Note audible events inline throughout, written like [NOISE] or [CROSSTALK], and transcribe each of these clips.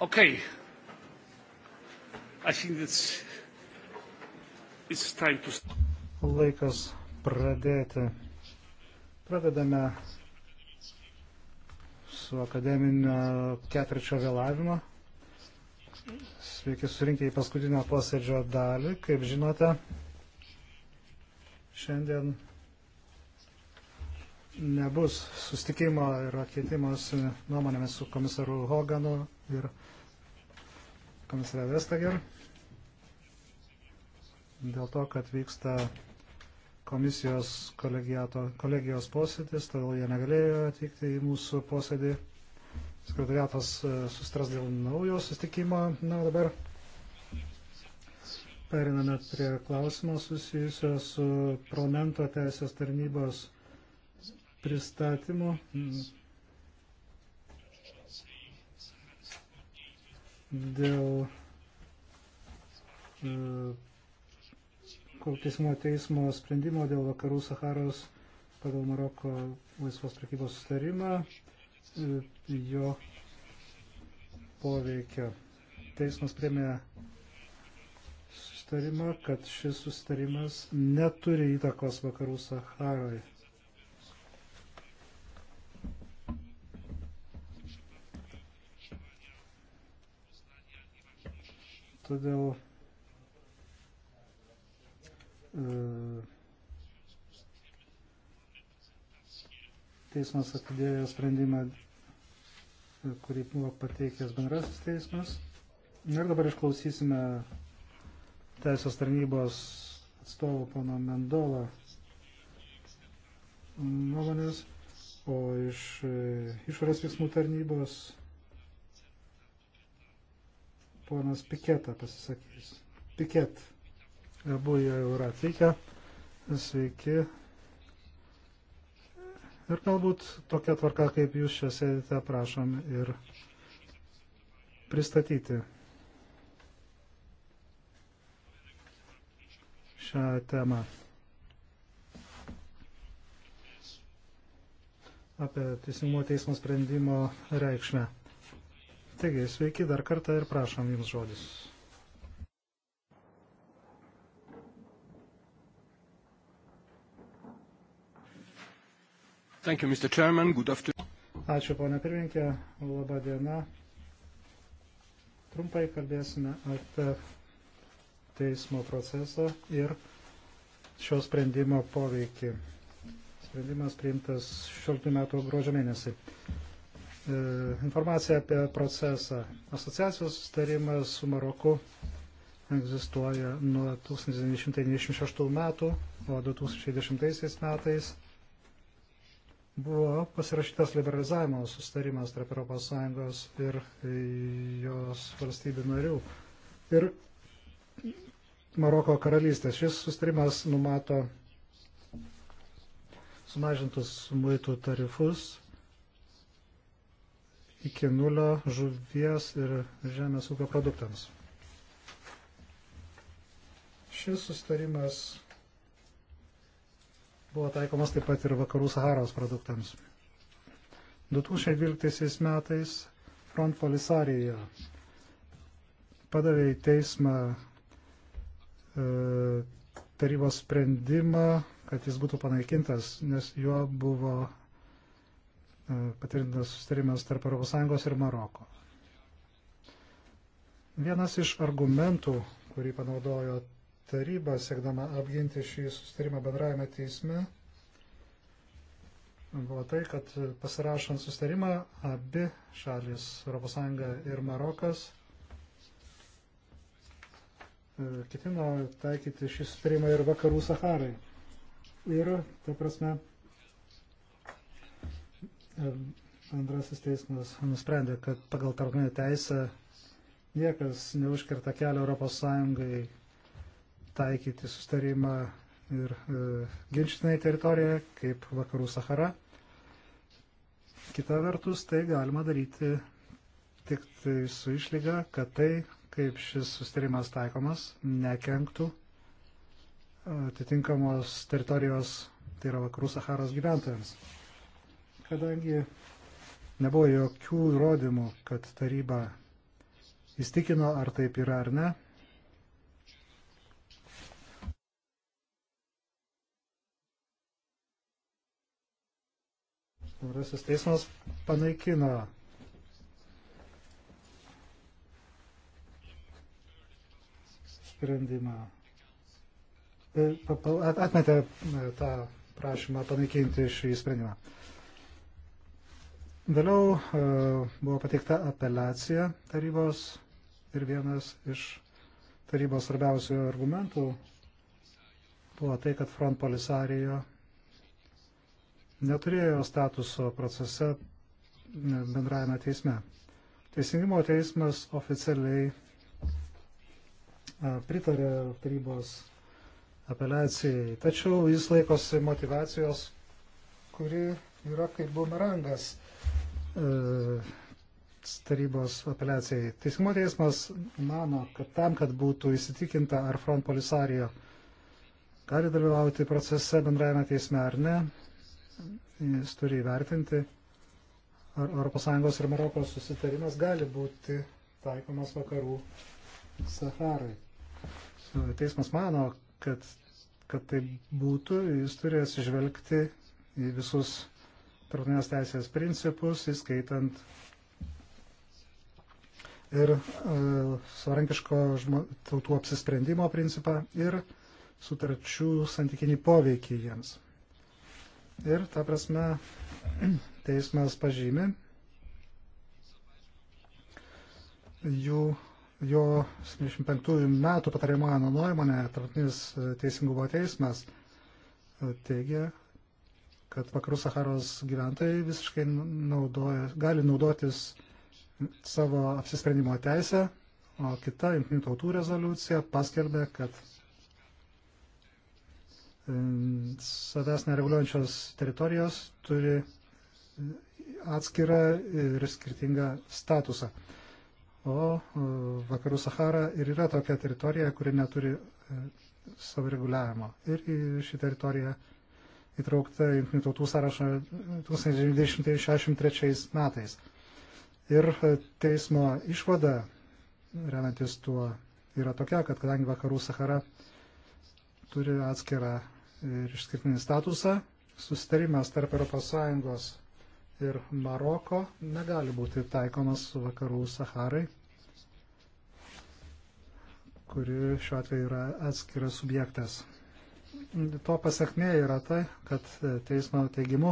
Okay. I think it's, it's time to... Laikas pradėti. Pradedame su akademinio ketvirčio vėlavimo. Sveiki surinkę į paskutinę posėdžio dalį. Kaip žinote, šiandien nebus sustikimo ir atkeitimas nuomonėmis su komisaru Hoganu ir komisarė Vestager dėl to, kad vyksta komisijos kolegijos posėdis, todėl jie negalėjo atvykti į mūsų posėdį. Sekretariatas e, sustras dėl naujo sustikimo. Na, dabar periname prie klausimo susijusio su parlamento teisės tarnybos pristatymu. Dėl e, teismo teismo sprendimo dėl vakarų Saharos pagal Maroko laisvos prekybos sustarimą e, jo poveikio. Teismas priemė sustarimą, kad šis sustarimas neturi įtakos vakarų Saharoje. Todėl e, teismas atidėjo sprendimą, e, kurį buvo pateikęs bendrasis teismas. Ir dabar išklausysime teisės tarnybos atstovų pono Mendola nuomonės, o iš e, išorės veiksmų tarnybos Ponas Piketą pasisakys. Piket, abu jie jau yra atvykę. Sveiki. Ir galbūt tokia tvarka, kaip jūs čia sėdite, prašom ir pristatyti šią temą. Apie teisingumo teismo sprendimo reikšmę. Taigi, sveiki dar kartą ir prašom Jums žodis. Thank you, Mr. Chairman. Good afternoon. Ačiū, ponia pirmininkė. Labą dieną. Trumpai kalbėsime apie teismo procesą ir šio sprendimo poveikį. Sprendimas priimtas 16 metų gruodžio mėnesį. E, informaciją apie procesą. Asociacijos sustarimas su Maroku egzistuoja nuo 1996 metų, o 2010 metais buvo pasirašytas liberalizavimo sustarimas tarp ES ir jos valstybių narių ir Maroko karalystės. Šis sustarimas numato sumažintus muitų tarifus iki nulio žuvies ir žemės ūkio produktams. Šis sustarimas buvo taikomas taip pat ir vakarų Saharos produktams. 2012 metais Front Polisarija padavė į teismą e, tarybos sprendimą, kad jis būtų panaikintas, nes juo buvo patvirtintas sustarimas tarp ES ir Maroko. Vienas iš argumentų, kurį panaudojo taryba, siekdama apginti šį sustarimą bendrajame teisme, buvo tai, kad pasirašant sustarimą abi šalis, ES ir Marokas, e, ketino taikyti šį sustarimą ir vakarų Saharai. Ir, ta prasme, Andrasis teismas nusprendė, kad pagal tarptautinę teisę niekas neužkerta kelio Europos Sąjungai taikyti sustarimą ir e, ginčitinai teritorijoje, kaip vakarų Sahara. Kita vertus, tai galima daryti tik tai su išlyga, kad tai, kaip šis sustarimas taikomas, nekenktų atitinkamos teritorijos, tai yra vakarų Saharos gyventojams kadangi nebuvo jokių įrodymų, kad taryba įstikino, ar taip yra ar ne. Bendrasis teismas panaikino sprendimą. E, atmetė e, tą prašymą panaikinti šį sprendimą. Vėliau e, buvo pateikta apeliacija tarybos ir vienas iš tarybos svarbiausių argumentų buvo tai, kad Front Polisarijo neturėjo statuso procese e, bendrajame teisme. Teisingumo teismas oficialiai e, pritarė tarybos apeliacijai, tačiau jis laikosi motivacijos, kuri yra kaip bumerangas E, tarybos apeliacijai. Teisingumo teismas mano, kad tam, kad būtų įsitikinta, ar front polisario gali dalyvauti procese bendrajame teisme ar ne, jis turi įvertinti, ar ES ir Marokos susitarimas gali būti taikomas vakarų Saharai. Teismas mano, kad, kad tai būtų, jis turės žvelgti į visus tarptautinės teisės principus, įskaitant ir e, savarankiško tautų apsisprendimo principą ir sutarčių santykinį poveikį jiems. Ir ta prasme [CLEARS THROAT] teismas pažymi jų, jo 75 metų patariamą nuomonę, tarptautinis e, teisingumo teismas e, teigia, kad vakarų Saharos gyventojai visiškai naudoja, gali naudotis savo apsisprendimo teisę, o kita jungtinių tautų rezoliucija paskelbė, kad mm, savęs nereguliuojančios teritorijos turi atskirą ir skirtingą statusą. O vakarų Sahara ir yra tokia teritorija, kuri neturi e, savo reguliavimo. Ir ši teritorija įtraukta į Junktinių tautų sąrašą 1963 metais. Ir e, teismo išvada, remiantis tuo, yra tokia, kad kadangi vakarų Sahara turi atskirą ir išskirtinį statusą, susitarimas tarp ES ir Maroko negali būti taikomas vakarų Saharai, kuri šiuo atveju yra atskiras subjektas to pasakmė yra tai, kad e, teismo teigimu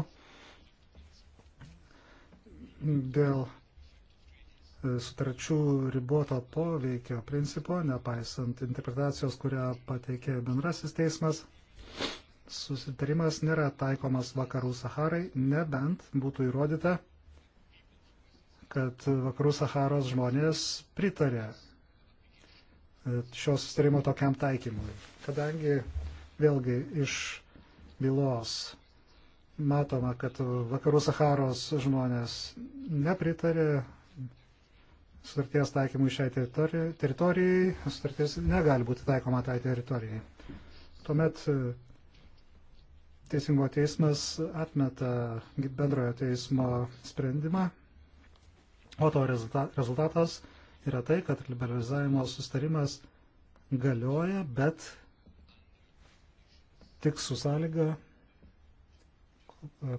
dėl e, sutarčių riboto poveikio principo, nepaisant interpretacijos, kurią pateikė bendrasis teismas, susitarimas nėra taikomas vakarų Saharai, nebent būtų įrodyta, kad vakarų Saharos žmonės pritarė e, šio susitarimo tokiam taikymui. Kadangi Vėlgi iš bylos matoma, kad vakarų Saharos žmonės nepritarė sutarties taikymui šiai teritorijai, sutartis negali būti taikoma tai teritorijai. Tuomet e, Teisingo teismas atmeta bendrojo teismo sprendimą, o to rezultatas yra tai, kad liberalizavimo sustarimas galioja, bet tik su sąlyga,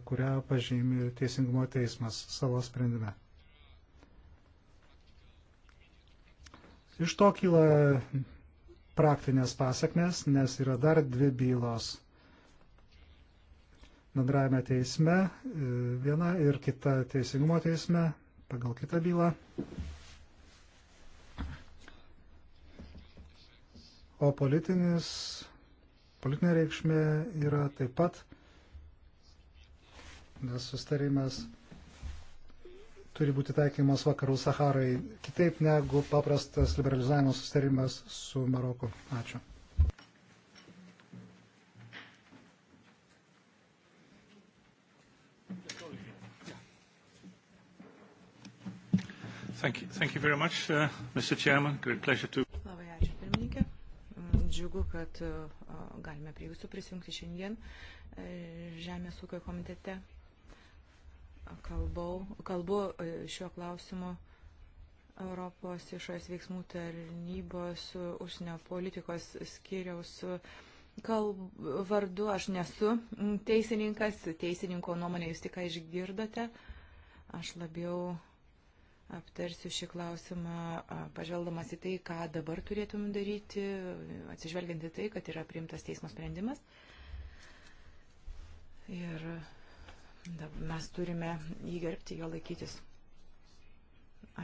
kurią pažymi Teisingumo teismas savo sprendime. Iš to kyla praktinės pasaknės, nes yra dar dvi bylos bendrajame teisme, viena ir kita Teisingumo teisme pagal kitą bylą. O politinis Politinė reikšmė yra taip pat, nes sustarimas turi būti taikymas vakarų Saharai kitaip negu paprastas liberalizavimo sustarimas su Maroku. Ačiū. Thank you, thank you very much, uh, Mr. Chairman. Great pleasure to. Džiugu, kad e, galime prie jūsų prisijungti šiandien e, Žemės ūkio komitete. Kalbau, kalbu e, šiuo klausimu Europos išorės veiksmų tarnybos užsienio politikos skiriaus kalb, vardu. Aš nesu teisininkas, teisininko nuomonę jūs tik išgirdote. Aš labiau aptarsiu šį klausimą, pažvelgdamas į tai, ką dabar turėtum daryti, atsižvelgiant į tai, kad yra priimtas teismo sprendimas. Ir mes turime įgerbti, jo laikytis.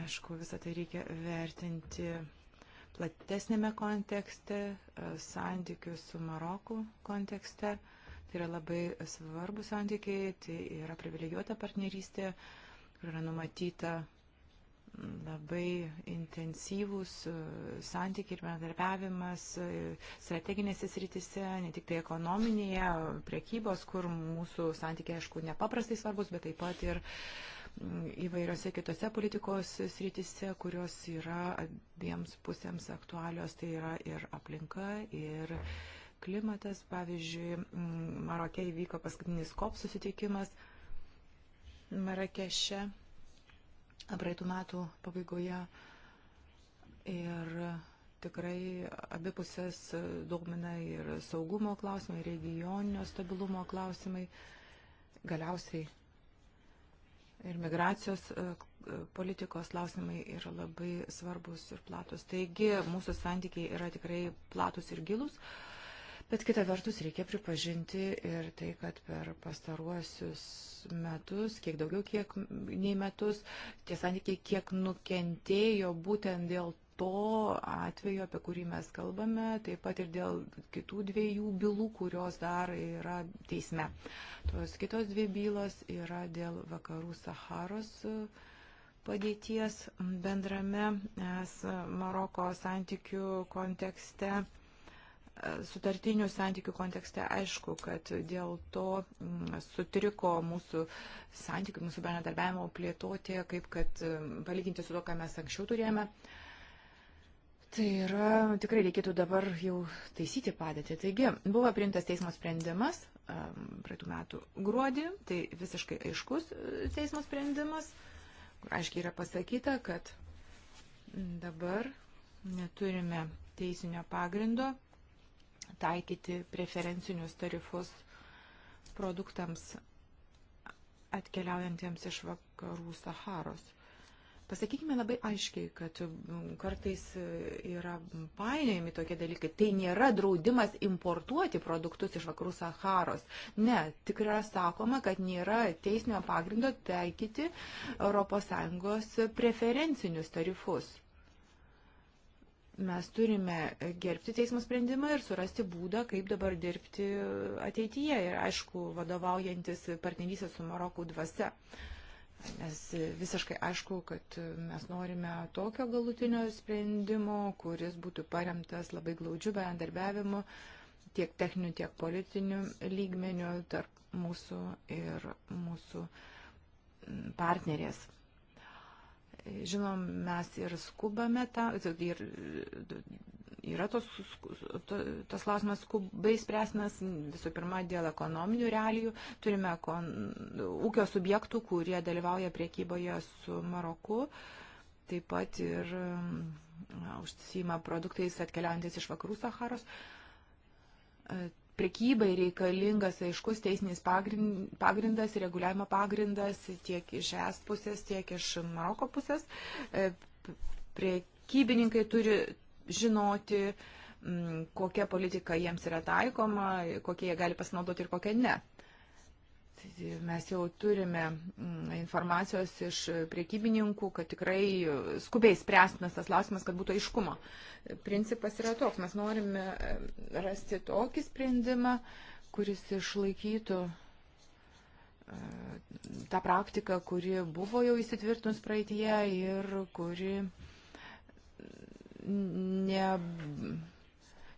Aišku, visą tai reikia vertinti platesnėme kontekste, santykių su Maroku kontekste. Tai yra labai svarbus santykiai, tai yra privilegijuota partnerystė, kur yra numatyta labai intensyvūs e, santykiai ir bendarbiavimas e, strateginėse sritise, ne tik tai ekonominėje, priekybos, kur mūsų santykiai, aišku, nepaprastai svarbus, bet taip pat ir įvairiose kitose politikos sritise, kurios yra abiems pusėms aktualios, tai yra ir aplinka, ir klimatas. Pavyzdžiui, Marokė įvyko paskutinis COP susitikimas Marakeše praeitų metų pabaigoje. Ir tikrai abipusės domina ir saugumo klausimai, ir regioninio stabilumo klausimai, galiausiai ir migracijos e, politikos klausimai yra labai svarbus ir platus. Taigi mūsų santykiai yra tikrai platus ir gilus. Uh, Bet kita vertus reikia pripažinti ir tai, kad per pastaruosius metus, kiek daugiau, kiek nei metus, tie santykiai kiek nukentėjo būtent dėl to atveju, apie kurį mes kalbame, taip pat ir dėl kitų dviejų bylų, kurios dar yra teisme. Tos kitos dvi bylos yra dėl vakarų Saharos padėties bendrame es Maroko santykių kontekste sutartinių santykių kontekste aišku, kad dėl to mm, sutriko mūsų santykių, mūsų bendradarbiavimo plėtotė, kaip kad mm, palyginti su to, ką mes anksčiau turėjome. Tai yra, tikrai reikėtų dabar jau taisyti padėtį. Taigi, buvo priimtas teismo sprendimas praeitų metų gruodį, tai visiškai aiškus e, teismo sprendimas, kur aiškiai yra pasakyta, kad dabar neturime teisinio pagrindo taikyti preferencinius tarifus produktams atkeliaujantiems iš vakarų Saharos. Pasakykime labai aiškiai, kad mm, kartais e, yra painiojami tokie dalykai. Tai nėra draudimas importuoti produktus iš vakarų Saharos. Ne, tikrai sakoma, kad nėra teisinio pagrindo taikyti ES preferencinius tarifus mes turime gerbti teismo sprendimą ir surasti būdą, kaip dabar dirbti ateityje ir, aišku, vadovaujantis partnerysė su Marokų dvasia. Nes visiškai aišku, kad mes norime tokio galutinio sprendimo, kuris būtų paremtas labai glaudžiu bendarbiavimu tiek techniniu, tiek politiniu lygmeniu tarp mūsų ir mūsų partnerės. Žinom, mes ir skubame tą, ir yra tos, to, tas klausimas skubai spręsmas visų pirma dėl ekonominių realijų. Turime kon, ūkio subjektų, kurie dalyvauja priekyboje su Maroku, taip pat ir na, užsima produktais atkeliaujantis iš vakarų Saharos. E, prekybai reikalingas aiškus teisinis pagrindas, reguliavimo pagrindas tiek iš es pusės, tiek iš Maroko pusės. E, prekybininkai turi žinoti, kokia politika jiems yra taikoma, kokie jie gali pasinaudoti ir kokie ne mes jau turime mm, informacijos iš priekybininkų, kad tikrai skubiai spręstinas tas lausimas, kad būtų aiškumo. Principas yra toks, mes norime e, rasti tokį sprendimą, kuris išlaikytų e, tą praktiką, kuri buvo jau įsitvirtinus praeitie ir kuri ne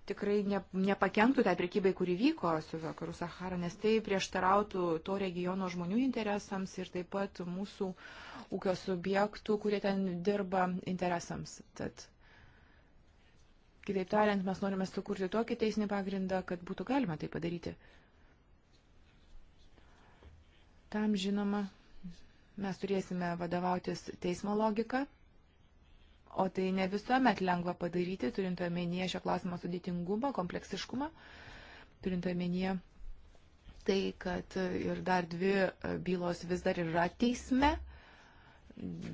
tikrai ne, nepakenktų tai prekybai, kuri vyko su Vakarų Sahara, nes tai prieštarautų to regiono žmonių interesams ir taip pat mūsų ūkio subjektų, kurie ten dirba interesams. Tad, kitaip tariant, mes norime sukurti tokį teisinį pagrindą, kad būtų galima tai padaryti. Tam žinoma, mes turėsime vadovautis teismo logika O tai ne visuomet lengva padaryti, turint omenyje šio klausimo sudėtingumą, kompleksiškumą, turint omenyje tai, kad ir dar dvi e, bylos vis dar yra teisme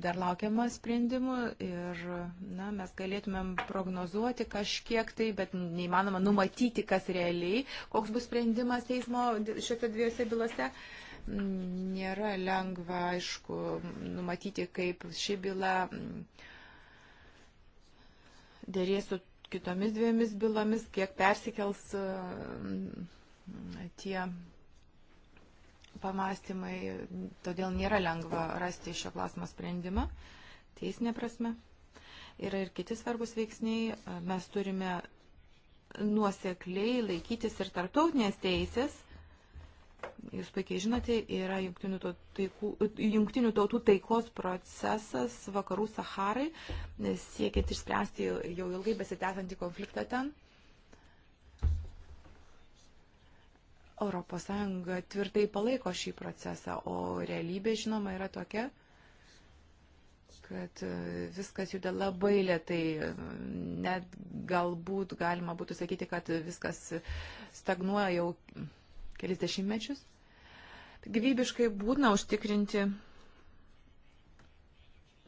dar laukiama sprendimų ir na, mes galėtumėm prognozuoti kažkiek tai, bet neįmanoma numatyti, kas realiai, koks bus sprendimas teismo šiuose dviejose bylose. Nėra lengva, aišku, numatyti, kaip ši byla. M, dėrės su kitomis dviemis bylomis, kiek persikels e, tie pamastymai, todėl nėra lengva rasti šio klausimo sprendimą teisinė prasme. Yra ir kiti svarbus veiksniai. Mes turime nuosekliai laikytis ir tarptautinės teisės jūs puikiai žinote, yra jungtinių tautų, taikų, jungtinių tautų taikos procesas vakarų Saharai, siekiant išspręsti jau ilgai besitęsantį konfliktą ten. ES tvirtai palaiko šį procesą, o realybė, žinoma, yra tokia, kad e, viskas juda labai lietai. Net galbūt galima būtų sakyti, kad viskas stagnuoja jau kelis dešimtmečius. Gyvybiškai būtina užtikrinti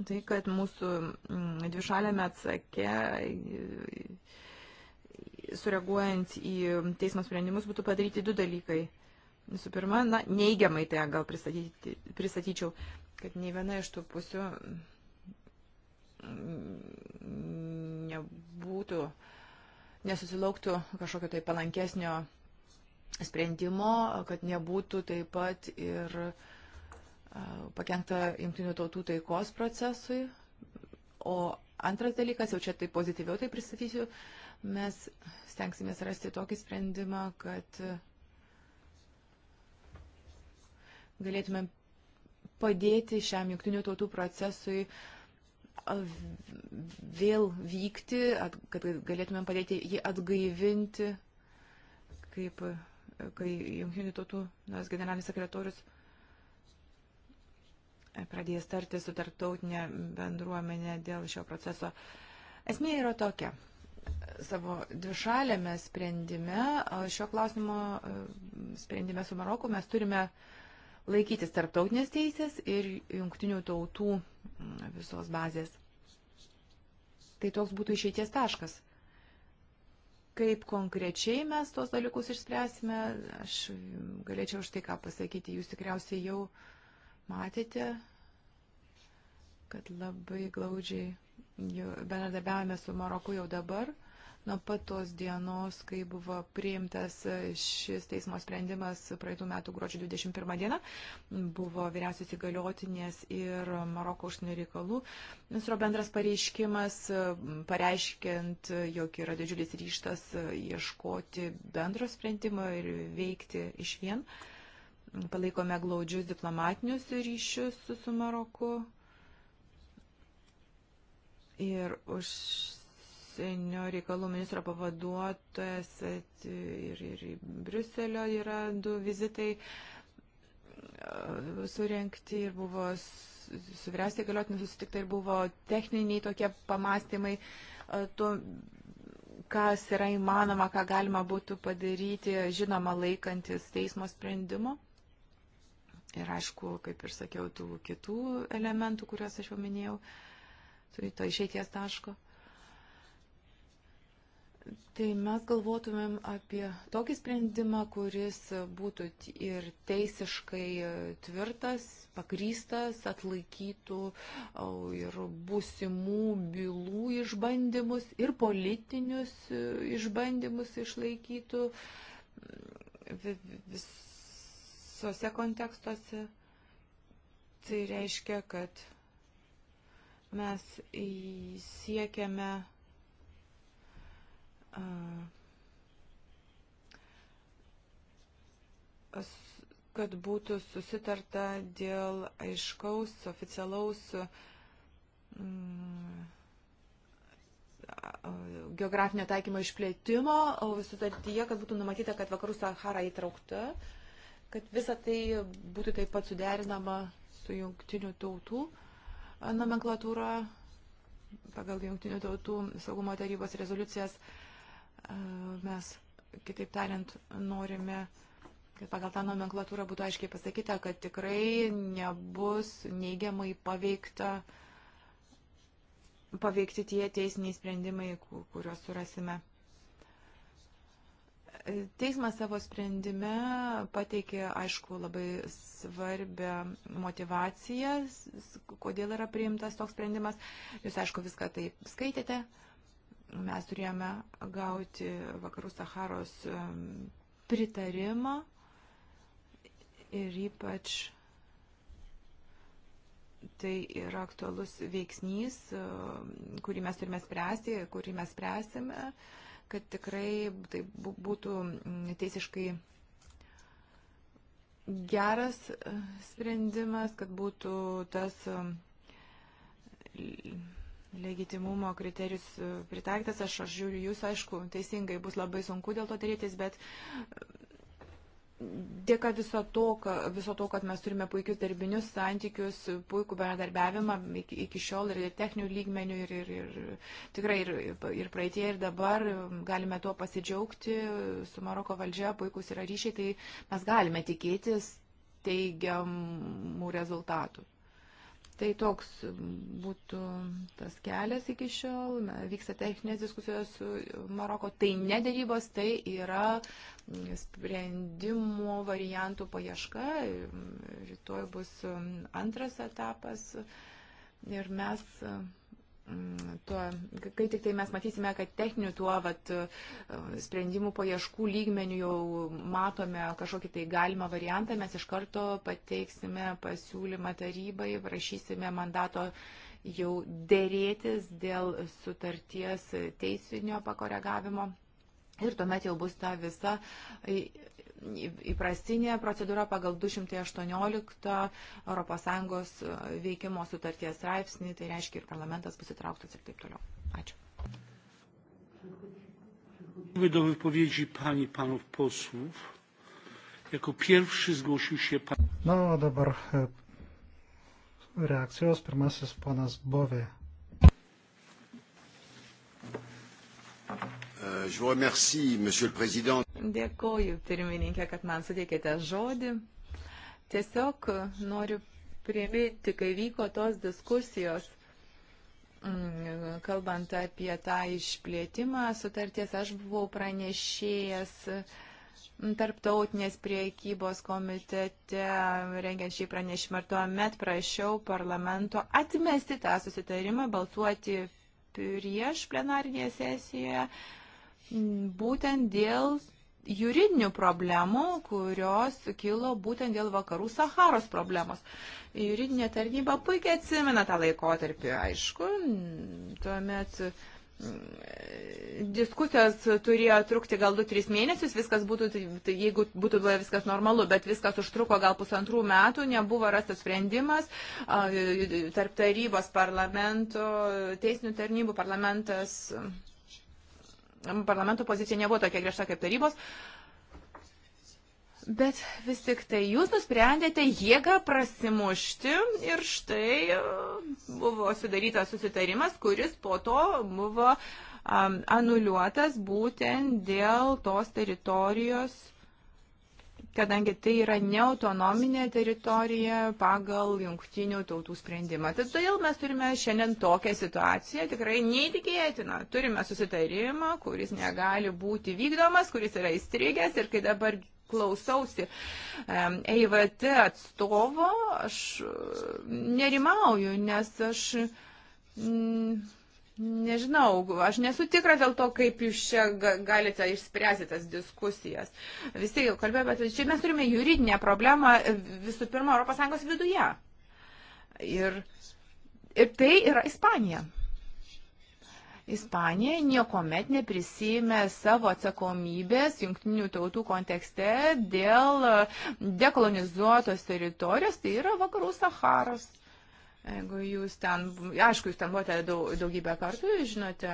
tai, kad mūsų mm, dvišalėme atsakė, sureaguojant į teismo sprendimus, būtų padaryti du dalykai. Visų pirma, na, neigiamai tai gal pristatyčiau, kad nei viena iš tų pusių mm, nebūtų, nesusilauktų kažkokio tai palankesnio sprendimo, kad nebūtų taip pat ir pakengta jungtinių tautų taikos procesui. O antras dalykas, jau čia tai pozityviau tai pristatysiu, mes stengsimės rasti tokį sprendimą, kad galėtumėm padėti šiam jungtinių tautų procesui vėl vykti, kad galėtumėm padėti jį atgaivinti kaip kai Junktinių tautų nors generalinis sekretorius e, pradės tarti su tarptautinė bendruomenė dėl šio proceso. Esmė yra tokia. Savo dvišalėme sprendime, šio klausimo e, sprendime su Maroku mes turime laikytis tarptautinės teisės ir jungtinių tautų visos bazės. Tai toks būtų išeities taškas. Kaip konkrečiai mes tos dalykus išspręsime, aš galėčiau už tai ką pasakyti. Jūs tikriausiai jau matėte, kad labai glaudžiai bendradarbiavame su Maroku jau dabar. Nuo pat tos dienos, kai buvo priimtas šis teismo sprendimas praeitų metų gruodžio 21 dieną, buvo vyriausios įgaliotinės ir Maroko užsienio reikalų ministro bendras pareiškimas, pareiškiant, jog yra didžiulis ryštas ieškoti bendro sprendimo ir veikti iš vien. Palaikome glaudžius diplomatinius ryšius su Maroku ir už užsienio reikalų ministro pavaduotojas ir, ir Briuselio yra du vizitai e, surenkti ir buvo su vyriausiai galiotinė susitikta ir buvo techniniai tokie pamastymai, e, to, kas yra įmanoma, ką galima būtų padaryti, žinoma, laikantis teismo sprendimo. Ir aišku, kaip ir sakiau, tų kitų elementų, kuriuos aš jau minėjau, turi to išeities taško. Tai mes galvotumėm apie tokį sprendimą, kuris būtų ir teisiškai tvirtas, pagrystas, atlaikytų ir būsimų bylų išbandymus, ir politinius e, išbandymus išlaikytų mm, visose kontekstuose. Tai reiškia, kad mes siekiame kad būtų susitarta dėl aiškaus, oficialaus mm, geografinio taikymo išplėtimo sutartyje, kad būtų numatyta, kad vakarų Sahara įtraukta, kad visa tai būtų taip pat suderinama su jungtinių tautų nomenklatūra pagal jungtinių tautų saugumo tarybos rezoliucijas. Uh, Mes, kitaip tariant, norime kad pagal tą nomenklatūrą būtų aiškiai pasakyta, kad tikrai nebus neigiamai paveikta, paveikti tie teisiniai sprendimai, kuriuos surasime. Teismas savo sprendime pateikė, aišku, labai svarbę motivaciją, kodėl yra priimtas toks sprendimas. Jūs, aišku, viską taip skaitėte. Uh, Mes turėjome gauti vakarų Saharos pritarimą ir ypač tai yra aktualus veiksnys, kurį mes turime spręsti, kurį mes spręsime, kad tikrai tai būtų mm, teisiškai geras e, sprendimas, kad būtų tas legitimumo kriterijus e, pritaikytas, aš, aš žiūriu, jūs, aišku, teisingai bus labai sunku dėl to darytis, bet e, dėka viso to, ka, viso to, kad mes turime puikius darbinius santykius, puikų bendradarbiavimą iki, iki šiol ir, ir techninių lygmenių, ir, ir, ir tikrai ir, ir praeitie, ir dabar e, galime tuo pasidžiaugti, su Maroko valdžia puikus yra ryšiai, tai mes galime tikėtis teigiamų rezultatų. Tai toks būtų tas kelias iki šiol. Na, vyksta techninės diskusijos su Maroko. Tai ne dėrybos, tai yra sprendimų variantų paieška. Rytoj bus antras etapas. Ir mes tuo, kai tik tai mes matysime, kad techninių tuo vat, sprendimų paieškų lygmenių jau matome kažkokį tai galimą variantą, mes iš karto pateiksime pasiūlymą tarybai, prašysime mandato jau dėrėtis dėl sutarties teisinio pakoregavimo. Ir tuomet jau bus ta visa įprastinė procedūra pagal 218 ES e, veikimo sutarties straipsnį, tai reiškia ir parlamentas bus įtrauktas ir taip toliau. Ačiū. Do wypowiedzi pani panów posłów. Jako pierwszy zgłosił się pan. No, dabar e, reakcijos pirmasis ponas Bovė. E, je vous remercie, Monsieur le Président. Dėkoju, pirmininkė, kad man suteikėte žodį. Tiesiog noriu priminti, kai vyko tos diskusijos, mm, kalbant apie tą išplėtimą sutarties, aš buvau pranešėjęs tarptautinės priekybos komitete, rengiant šį pranešimą ir tuomet prašiau parlamento atmesti tą susitarimą, balsuoti prieš plenarinėje sesijoje, būtent dėl juridinių problemų, kurios kilo būtent dėl vakarų Saharos problemos. Juridinė tarnyba puikiai atsimena tą laikotarpį, aišku, tuomet mm, diskusijos turėjo trukti gal 2-3 mėnesius, viskas būtų, tai, tai jeigu būtų buvę viskas normalu, bet viskas užtruko gal pusantrų metų, nebuvo rastas sprendimas tarp tarybos parlamento, teisinių tarnybų parlamentas parlamento pozicija nebuvo tokia griežta kaip tarybos. Bet vis tik tai jūs nusprendėte jėgą prasimušti ir štai uh, buvo sudarytas susitarimas, kuris po to buvo um, anuliuotas būtent dėl tos teritorijos kadangi tai yra neautonominė teritorija pagal jungtinių tautų sprendimą. Tad todėl mes turime šiandien tokią situaciją, tikrai neįtikėtiną. Turime susitarimą, kuris negali būti vykdomas, kuris yra įstrigęs ir kai dabar klausausi EIVT e atstovo, aš nerimauju, nes aš. Mm, Nežinau, aš nesu tikra dėl to, kaip jūs čia galite išspręsti tas diskusijas. Vis tiek jau kalbėjau, bet čia mes turime juridinę problemą visų pirma ES viduje. Ir, ir tai yra Ispanija. Ispanija niekuomet neprisėmė savo atsakomybės jungtinių tautų kontekste dėl dekolonizuotos teritorijos, tai yra vakarų Saharos. Jeigu jūs ten, aišku, jūs ten buvote daug, daugybę kartų, žinote,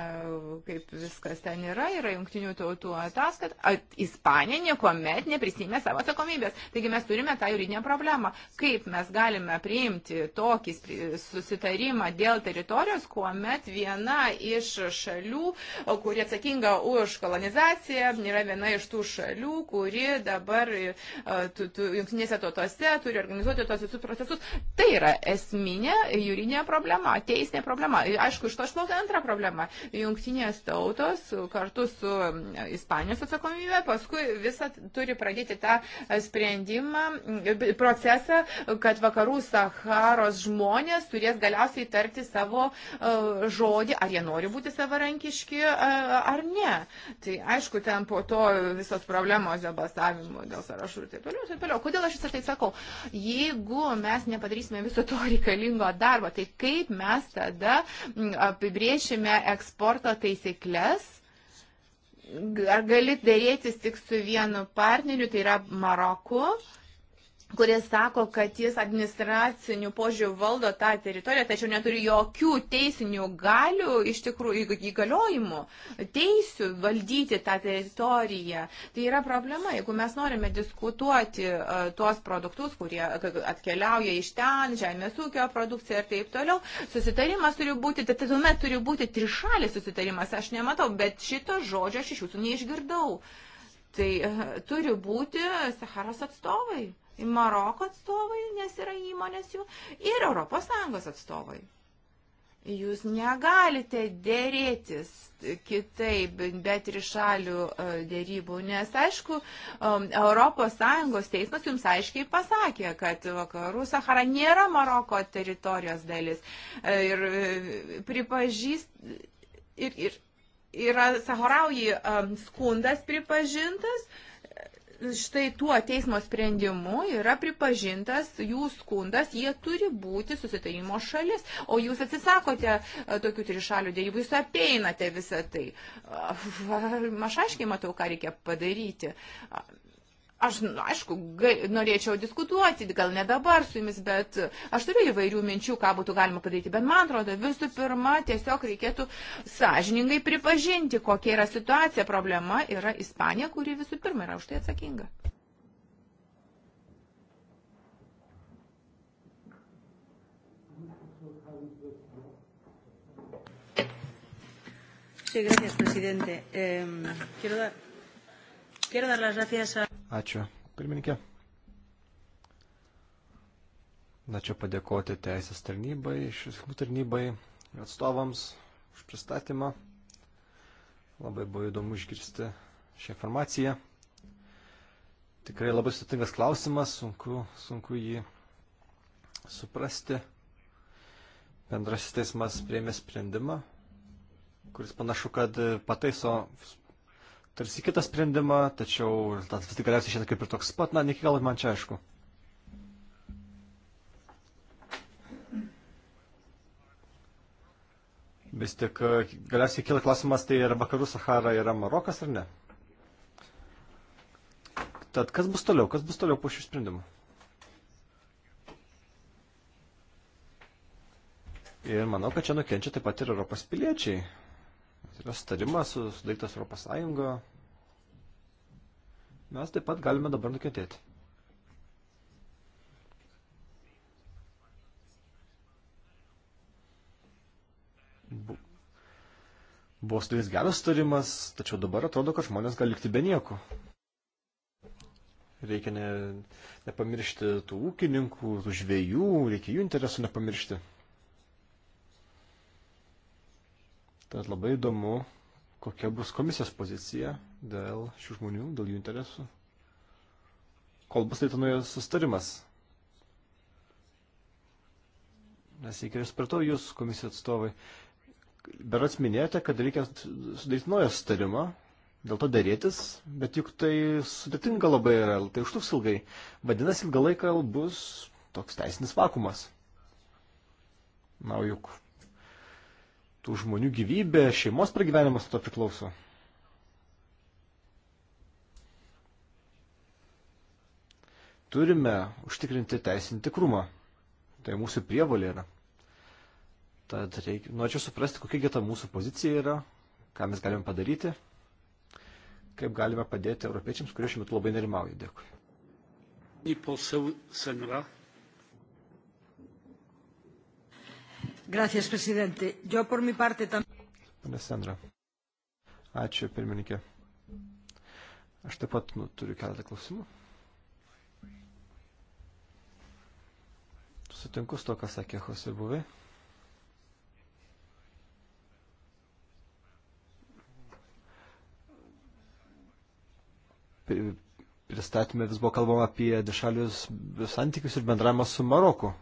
kaip viskas ten yra, yra jungtinių tautų ataskait, Ispanija niekuomet neprisimė savo atsakomybės. Taigi mes turime tą juridinę problemą. Kaip mes galime priimti tokį susitarimą dėl teritorijos, kuomet viena iš šalių, kuri atsakinga už kolonizaciją, yra viena iš tų šalių, kuri dabar jungtinėse tautose turi organizuoti tos visus procesus. Tai yra esminė juridinė problema, teisinė problema. Aišku, iš to išplaukia antra problema. Jungtinės tautos kartu su mm, Ispanijos atsakomybė paskui visą turi pradėti tą sprendimą, procesą, kad vakarų Saharos žmonės turės galiausiai tarti savo uh, žodį, ar jie nori būti savarankiški uh, ar ne. Tai aišku, ten po to visos problemos dėl balsavimo, dėl sąrašų ir taip toliau, taip toliau. Kodėl aš visą tai sakau? Jeigu mes nepadarysime viso to reikalingo savo darbą. Tai kaip mes tada mm, apibriešime eksporto taisyklės? Ar gali dėrėtis tik su vienu partneriu, tai yra Maroku? kuris sako, kad jis administracinių požiūrių valdo tą teritoriją, tačiau neturi jokių teisinių galių, iš tikrųjų įgaliojimų, teisių valdyti tą teritoriją. Tai yra problema, jeigu mes norime diskutuoti uh, tuos produktus, kurie atkeliauja iš ten, žemės ūkio produkcija ir taip toliau, susitarimas turi būti, tai tuomet turi būti trišalis susitarimas, aš nematau, bet šito žodžio aš iš jūsų neišgirdau. Tai uh, turi būti Saharos atstovai. Maroko atstovai, nes yra įmonės jų, ir ES atstovai. Jūs negalite dėrėtis kitaip, bet ir šalių e, dėrybų, nes aišku, ES teismas jums aiškiai pasakė, kad vakarų Sahara nėra Maroko teritorijos dalis e, ir e, pripažįst ir, ir yra Saharauji skundas pripažintas štai tuo teismo sprendimu yra pripažintas jų skundas, jie turi būti susitarimo šalis, o jūs atsisakote e, tokių trišalių dėrybų, jūs apeinate visą tai. E, aš aiškiai matau, ką reikia padaryti. Aš, nu, aišku, gai, norėčiau diskutuoti, gal ne dabar su jumis, bet aš turiu įvairių minčių, ką būtų galima padaryti. Bet man atrodo, visų pirma, tiesiog reikėtų sąžiningai pripažinti, kokia yra situacija. Problema yra Ispanija, kuri visų pirma yra už tai atsakinga. Sí, gracias, presidente. Eh, quiero dar Ačiū, pirmininkė. Ačiū padėkoti Teisės tarnybai, išviskimų tarnybai, atstovams už pristatymą. Labai buvo įdomu išgirsti šią informaciją. Tikrai labai sutingas klausimas, sunku, sunku jį suprasti. Bendrasis teismas prieimė sprendimą, kuris panašu, kad pataiso tarsi kitą sprendimą, tačiau rezultatas vis tik galiausiai išėna kaip ir toks pat, na, ne iki galo man čia aišku. Vis tik e, galiausiai kila klausimas, tai ar vakarų Sahara yra Marokas ar ne? Tad kas bus toliau, kas bus toliau po šių sprendimų? Ir manau, kad čia nukenčia taip pat ir Europos piliečiai tai yra starimas sudarytas Europos Sąjunga, mes taip pat galime dabar nukentėti. Buvo sudarys geras sutarimas, tačiau dabar atrodo, kad žmonės gali likti be nieko. Reikia ne, nepamiršti tų ūkininkų, tų žvėjų, reikia jų interesų nepamiršti. Tad labai įdomu, kokia bus komisijos pozicija dėl šių žmonių, dėl jų interesų. Kol bus Leitonoje tai sustarimas. Nes iki resperto jūs, komisijos atstovai, berats minėjote, kad reikia sudaryti naują sustarimą, dėl to dėrėtis, bet juk tai sudėtinga labai yra, tai užtruks ilgai. Vadinasi, ilgą laiką bus toks teisinis vakumas. Na, juk tų žmonių gyvybė, šeimos pragyvenimas to priklauso. Turime užtikrinti teisinį tikrumą. Tai mūsų prievalė yra. Tad reikia, norėčiau suprasti, kokia ta mūsų pozicija yra, ką mes galime padaryti, kaip galime padėti europiečiams, kurie šiuo metu labai nerimauja. Dėkui. Į posel senra. Gracias, prezidentė. Jo por mi parte tam. Pane Sandra. Ačiū, pirmininkė. Aš taip pat nu, turiu keletą klausimų. Sutinku su to, ką sakė Jose Buvė. Pristatymė vis buvo kalbama apie dešalius santykius ir bendravimą su Maroku.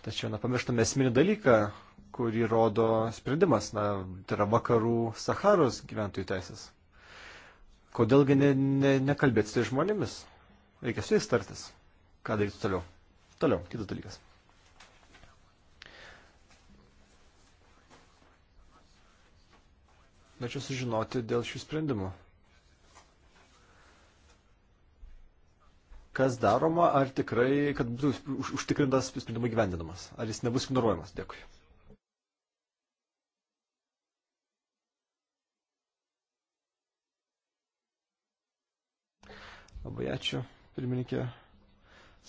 Tačiau nepamirštame esminį dalyką, kurį rodo sprendimas, na, tai yra vakarų Saharos gyventojų teisės. Kodėlgi ne, ne, nekalbėti su tai žmonėmis? Reikia su jais tartis. Ką daryti toliau? Toliau, kitas dalykas. Norėčiau sužinoti dėl šių sprendimų. kas daroma, ar tikrai, kad būtų užtikrintas sprendimai gyvendinamas, ar jis nebus ignoruojamas. Dėkui. Labai ačiū, pirmininkė,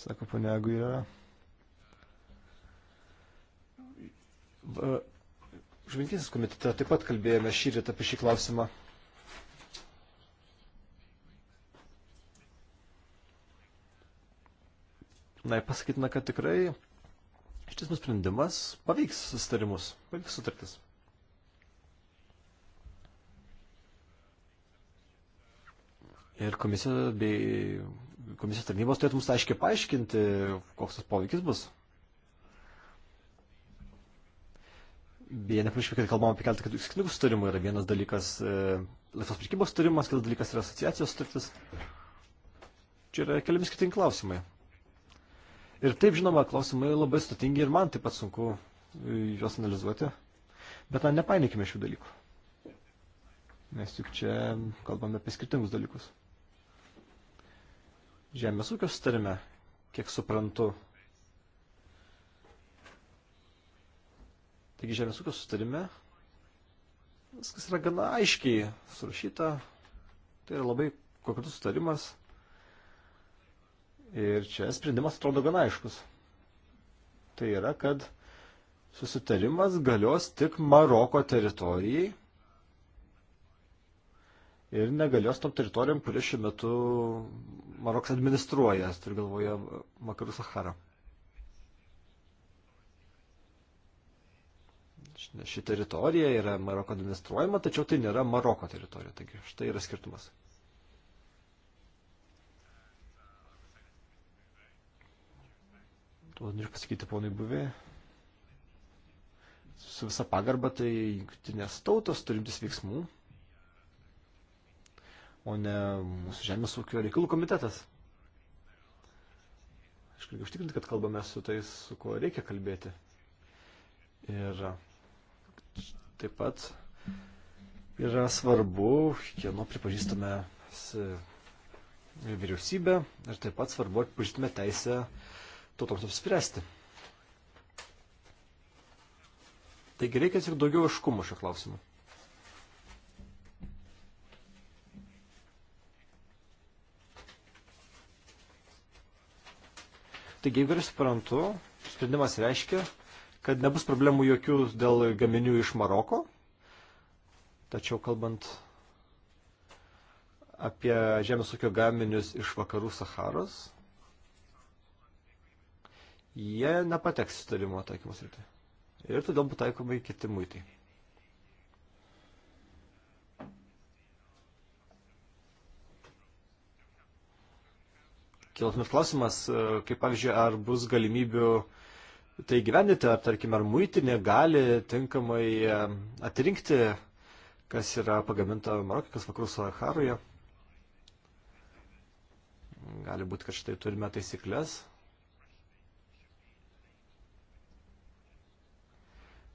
sako ponia Aguirera. Žvinkinsis komitete taip pat kalbėjome šį rytą apie šį klausimą. Na ir pasakytina, kad tikrai iš tiesų sprendimas paveiks sustarimus, paveiks sutartis. Ir komisija bei komisijos tarnybos turėtų mums aiškiai paaiškinti, koks tas poveikis bus. Beje, nepamirškime, kad kalbam apie keletą skirtingų sutarimų. Yra vienas dalykas e, laisvos prekybos sutarimas, kitas dalykas yra asociacijos sutartis. Čia yra keliami skirtingi klausimai. Ir taip, žinoma, klausimai labai statingi ir man taip pat sunku e, juos analizuoti. Bet na, nepainikime šių dalykų. Nes juk čia kalbame apie skirtingus dalykus. Žemės ūkio sutarime, kiek suprantu. Taigi žemės ūkio sutarime viskas yra gana aiškiai surašyta. Tai yra labai konkretus sutarimas Ir čia sprendimas atrodo gana aiškus. Tai yra, kad susitarimas galios tik Maroko teritorijai ir negalios tom teritorijom, kuris šiuo metu Marokas administruoja, turiu galvoje Makarų Sahara. Ši teritorija yra Maroko administruojama, tačiau tai nėra Maroko teritorija, taigi štai yra skirtumas. Tuo noriu pasakyti ponui buvė. Su visa pagarba tai jungtinės tautos turintis veiksmų, o ne mūsų žemės ūkio reikalų komitetas. Aš galiu užtikrinti, kad kalbame su tais, su kuo reikia kalbėti. Ir taip pat yra svarbu, kieno pripažįstame vyriausybę ir taip pat svarbu, ar pripažįstame teisę uh, tautoms apspręsti. Taigi reikia tik daugiau iškumo šio klausimu. Taigi, jeigu ir suprantu, sprendimas reiškia, kad nebus problemų jokių dėl gaminių iš Maroko, tačiau kalbant apie žemės ūkio gaminius iš vakarų Saharos, jie nepateks sutarimo taikymus rytį. Ir todėl būtų taikomai kiti muitai. Kiltumės klausimas, e, kaip pavyzdžiui, ar bus galimybių tai gyvendyti, ar tarkim, ar muitinė gali tinkamai e, atrinkti, kas yra pagaminta Marokė, kas vakarų Saharoje. Gali būti, kad štai turime taisyklės,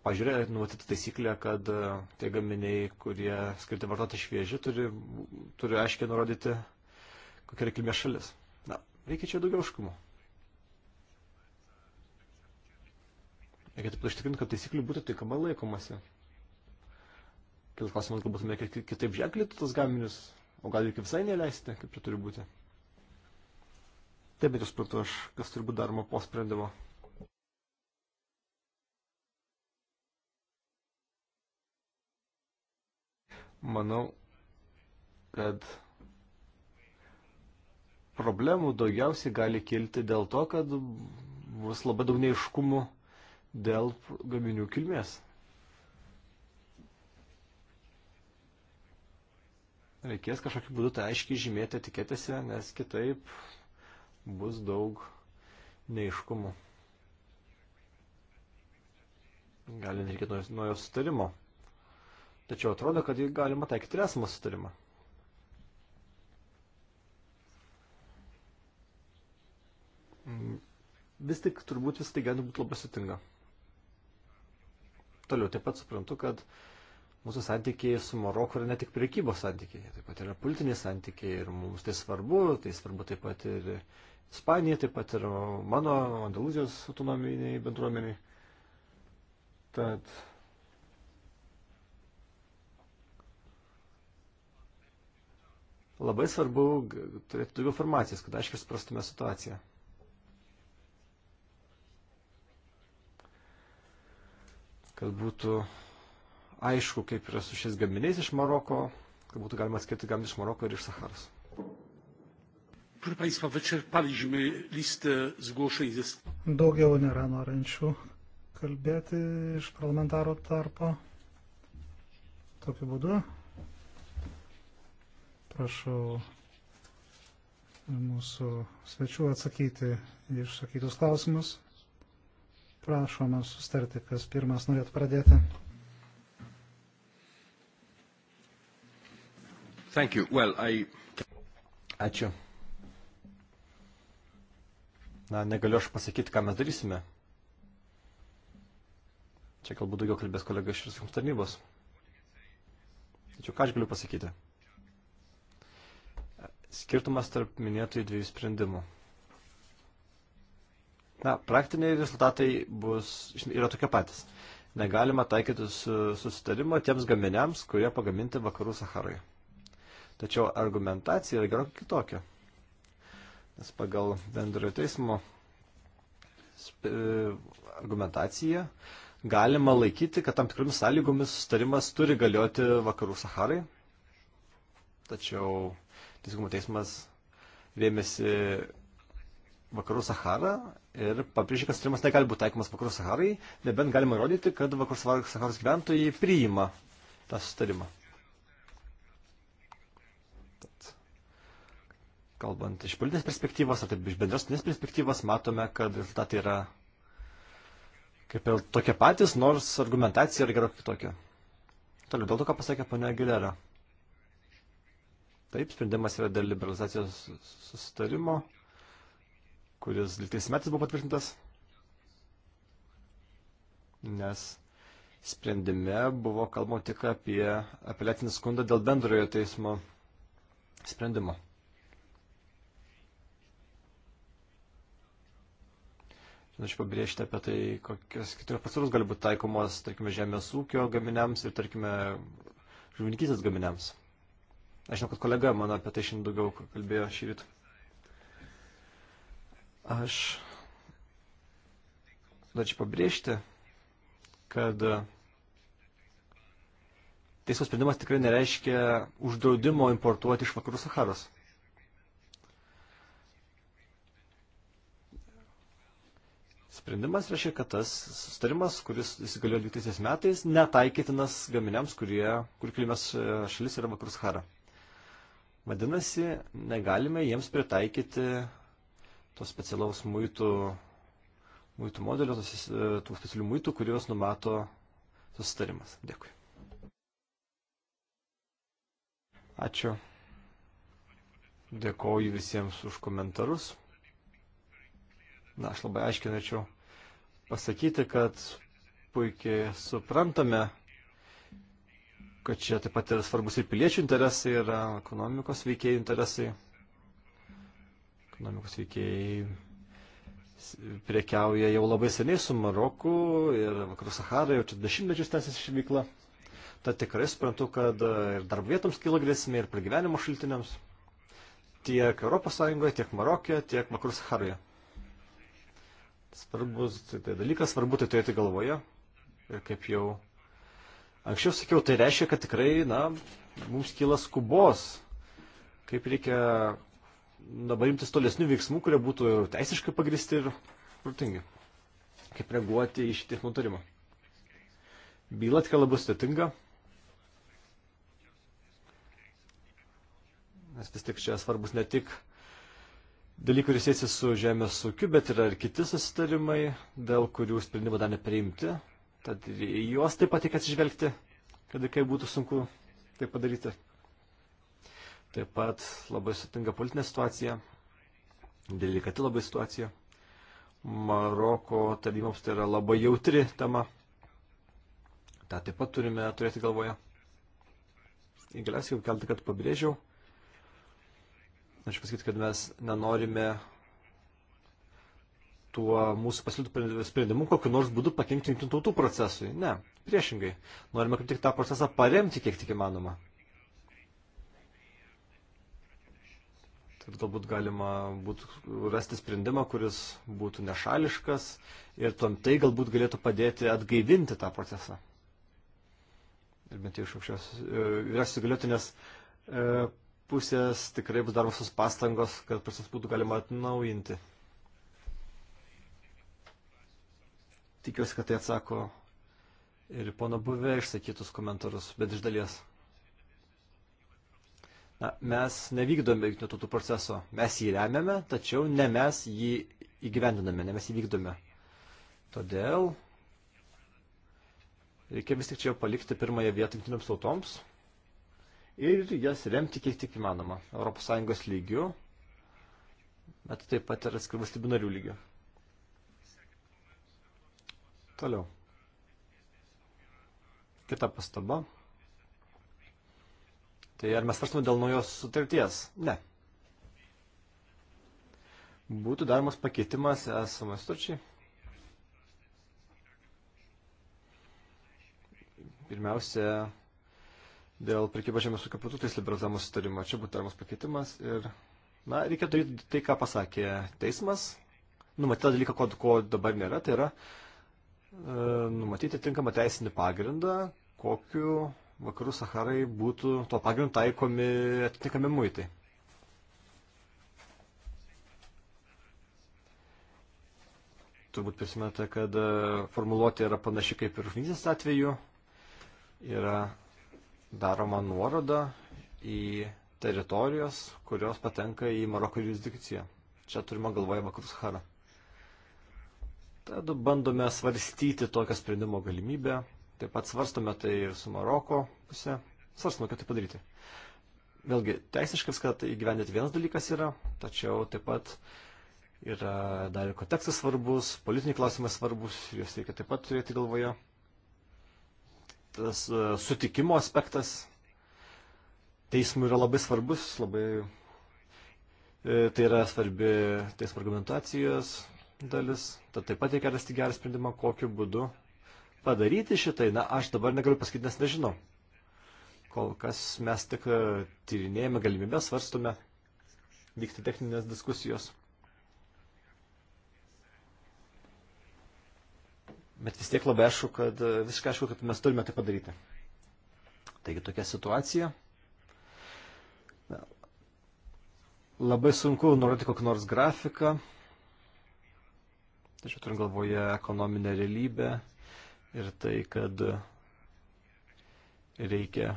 Pažiūrėjau, numatyta taisyklė, kad e, tie gaminiai, kurie skirti vartoti švieži, turi, turi aiškiai nurodyti, kokia yra kilmės šalis. Na, reikia čia daugiau aiškumo. Reikia taip užtikrinti, kad taisyklių būtų tinkamai laikomasi. Kitas klausimas, galbūt reikia kitaip ženklinti tos gaminius, o gal reikia visai neleisti, kaip čia turi būti. Taip, bet jūs suprantu, aš, kas turi būti daroma po sprendimo. manau, kad problemų daugiausiai gali kilti dėl to, kad bus labai daug neiškumų dėl gaminių kilmės. Reikės kažkokiu būdu tai aiškiai žymėti etiketėse, nes kitaip bus daug neiškumų. Gali reikėti nuo jos sutarimo. Tačiau atrodo, kad jį galima taikyti ir esamą sutarimą. Mm, vis tik turbūt vis tai gali būti labai sutinga. Toliau taip pat suprantu, kad mūsų santykiai su Maroku yra ne tik prekybos santykiai, taip pat yra politiniai santykiai ir mums tai svarbu, tai svarbu taip pat ir Ispanija, taip pat ir mano Andalūzijos autonominiai bendruomeniai. Tad labai svarbu turėti daugiau informacijos, kad aiškiai suprastume situaciją. Kad būtų aišku, kaip yra su šiais gaminiais iš Maroko, kad būtų galima atskirti gaminius iš Maroko ir iš Saharos. Proszę Państwa, wyczerpaliśmy listę zgłoszeń. Daugiau nėra norinčių kalbėti iš parlamentarų tarpo. Tokiu būdu prašau mūsų svečių atsakyti išsakytus klausimus. Prašome sustarti, kas pirmas norėtų pradėti. Thank you. Well, I... Ačiū. Na, negaliu aš pasakyti, ką mes darysime. Čia galbūt daugiau kalbės kolega iš Rusijos tarnybos. Tačiau ką aš galiu pasakyti? skirtumas tarp minėtųjų dviejų sprendimų? Na, praktiniai rezultatai bus, yra tokie patys. Negalima taikyti susitarimo tiems gaminiams, kurie pagaminti vakarų Saharoje. Tačiau argumentacija yra gerokai kitokia. Nes pagal bendrojo teismo e, argumentaciją galima laikyti, kad tam tikromis sąlygomis sustarimas turi galioti vakarų Saharai. Tačiau teisingumo teismas rėmėsi Vakarų Sahara ir pabrėžė, kad sutarimas negali būti taikomas Vakarų Saharai, nebent galima įrodyti, kad Vakarų Saharos gyventojai priima tą sutarimą. Tad, kalbant iš politinės perspektyvos, ar taip iš bendrostinės perspektyvos, matome, kad rezultatai yra kaip ir tokie patys, nors argumentacija yra gerokai kitokia. Toliau dėl to, ką pasakė ponia Gilera. Taip, sprendimas yra dėl liberalizacijos susitarimo, kuris 12 metais buvo patvirtintas, nes sprendime buvo kalbama tik apie apeliacinį skundą dėl bendrojo teismo sprendimo. Norėčiau pabrėžti apie tai, kokios kitos pasiūlos gali būti taikomos, tarkime, žemės ūkio gaminiams ir, tarkime, žuvininkystės gaminiams. Aš žinau, kad kolega mano apie tai šiandien daugiau kalbėjo šį rytą. Aš norėčiau pabrėžti, kad teismo sprendimas tikrai nereiškia uždraudimo importuoti iš vakarų Saharos. Sprendimas reiškia, kad tas sustarimas, kuris įsigalėjo 12 metais, netaikytinas gaminiams, kurie, kur kilmės e, šalis yra vakarų Sahara. Vadinasi, negalime jiems pritaikyti to specialaus muitų, muitų modelio, tos, e, tų specialių muitų, kuriuos numato susitarimas. Dėkui. Ačiū. Dėkoju visiems už komentarus. Na, aš labai aiškiai norėčiau pasakyti, kad puikiai suprantame, kad čia taip pat yra svarbus ir piliečių interesai, yra ekonomikos veikėjų interesai. Ekonomikos veikėjai priekiauja jau labai seniai su Maroku ir Vakarų Sahara, jau čia dešimtmečius tęsiasi ši veikla. Tad tikrai suprantu, kad e, ir darbo vietoms kyla grėsmė, ir pragyvenimo šaltiniams. Tiek ES, tiek Marokė, tiek Vakarų Saharoje. Svarbus tai, tai dalykas, svarbu tai turėti galvoje. Ir kaip jau Anksčiau sakiau, tai reiškia, kad tikrai, na, mums kyla skubos, kaip reikia dabar imtis tolesnių veiksmų, kurie būtų teisiškai pagristi ir protingi. Kaip reaguoti į šį teismo tarimą. Byla tikrai labai sudėtinga. Nes vis tik čia svarbus ne tik dalykai, kuris sėsi su žemės ūkiu, bet yra ir kiti susitarimai, dėl kurių sprendimo dar nepriimti. Tad juos taip pat reikia atsižvelgti, kad ir kaip būtų sunku tai padaryti. Taip pat labai sutinga politinė situacija, delikati labai situacija. Maroko tarnyboms tai yra labai jautri tema. Ta taip pat turime turėti galvoje. Ir galiausiai jau keltą, kad pabrėžiau. Aš pasakyti, kad mes nenorime tuo mūsų pasiūlytų sprendimu kokiu nors būdu pakengti jungtinių tautų procesui. Ne, priešingai. Norime kaip tik tą procesą paremti kiek tik įmanoma. Tad galbūt galima būtų rasti sprendimą, kuris būtų nešališkas ir tuom tai galbūt galėtų padėti atgaivinti tą procesą. Ir bent jau iš aukščios vyriausios e, galėtinės e, pusės tikrai bus daromos pastangos, kad procesas būtų galima atnaujinti. Tikiuosi, kad tai atsako ir pono buvę išsakytus komentarus, bet iš dalies. Na, mes nevykdome jungtinių tautų proceso, mes jį remiame, tačiau ne mes jį įgyvendiname, ne mes jį vykdome. Todėl reikia vis tik čia palikti pirmąją vietą jungtinėms tautoms ir jas remti kiek tik įmanoma, ES lygių, bet taip pat ir atskirų valstybių narių lygių. Toliau. Kita pastaba. Tai ar mes svarstame dėl naujos sutarties? Ne. Būtų daromas pakeitimas esamai sutarčiai. Pirmiausia, dėl prekybos žemės ūkio produktais tai liberalizavimo sutarimo. Čia būtų daromas pakeitimas ir, na, reikia daryti tai, ką pasakė teismas. Numatyta dalyka, ko, ko dabar nėra, tai yra E, numatyti tinkamą teisinį pagrindą, kokiu vakarų Saharai būtų tuo pagrindu taikomi atitinkami muitai. Turbūt prisimenate, kad e, formuluotė yra panaši kaip ir Finizės atveju. Yra daroma nuoroda į teritorijos, kurios patenka į Maroko jurisdikciją. Čia turima galvoje vakarų Saharą. Tad bandome svarstyti tokią sprendimo galimybę. Taip pat svarstome tai ir su Maroko pusė. Svarstome, kaip tai padaryti. Vėlgi, teisiškai viską tai įgyvendinti vienas dalykas yra, tačiau taip pat yra dar ir kontekstas svarbus, politiniai klausimai svarbus, juos reikia taip pat turėti galvoje. Tas e, sutikimo aspektas teismų yra labai svarbus, labai e, tai yra svarbi teismo argumentacijos, dalis, tad taip pat reikia rasti gerą sprendimą, kokiu būdu padaryti šitai. Na, aš dabar negaliu pasakyti, nes nežinau. Kol kas mes tik e, tyrinėjame galimybę, svarstume, vyksta techninės diskusijos. Bet vis tiek labai aišku, kad e, viską aišku, kad mes turime tai padaryti. Taigi tokia situacija. Labai sunku nurodyti kokį nors grafiką. Tačiau turint galvoje ekonominę realybę ir tai, kad reikia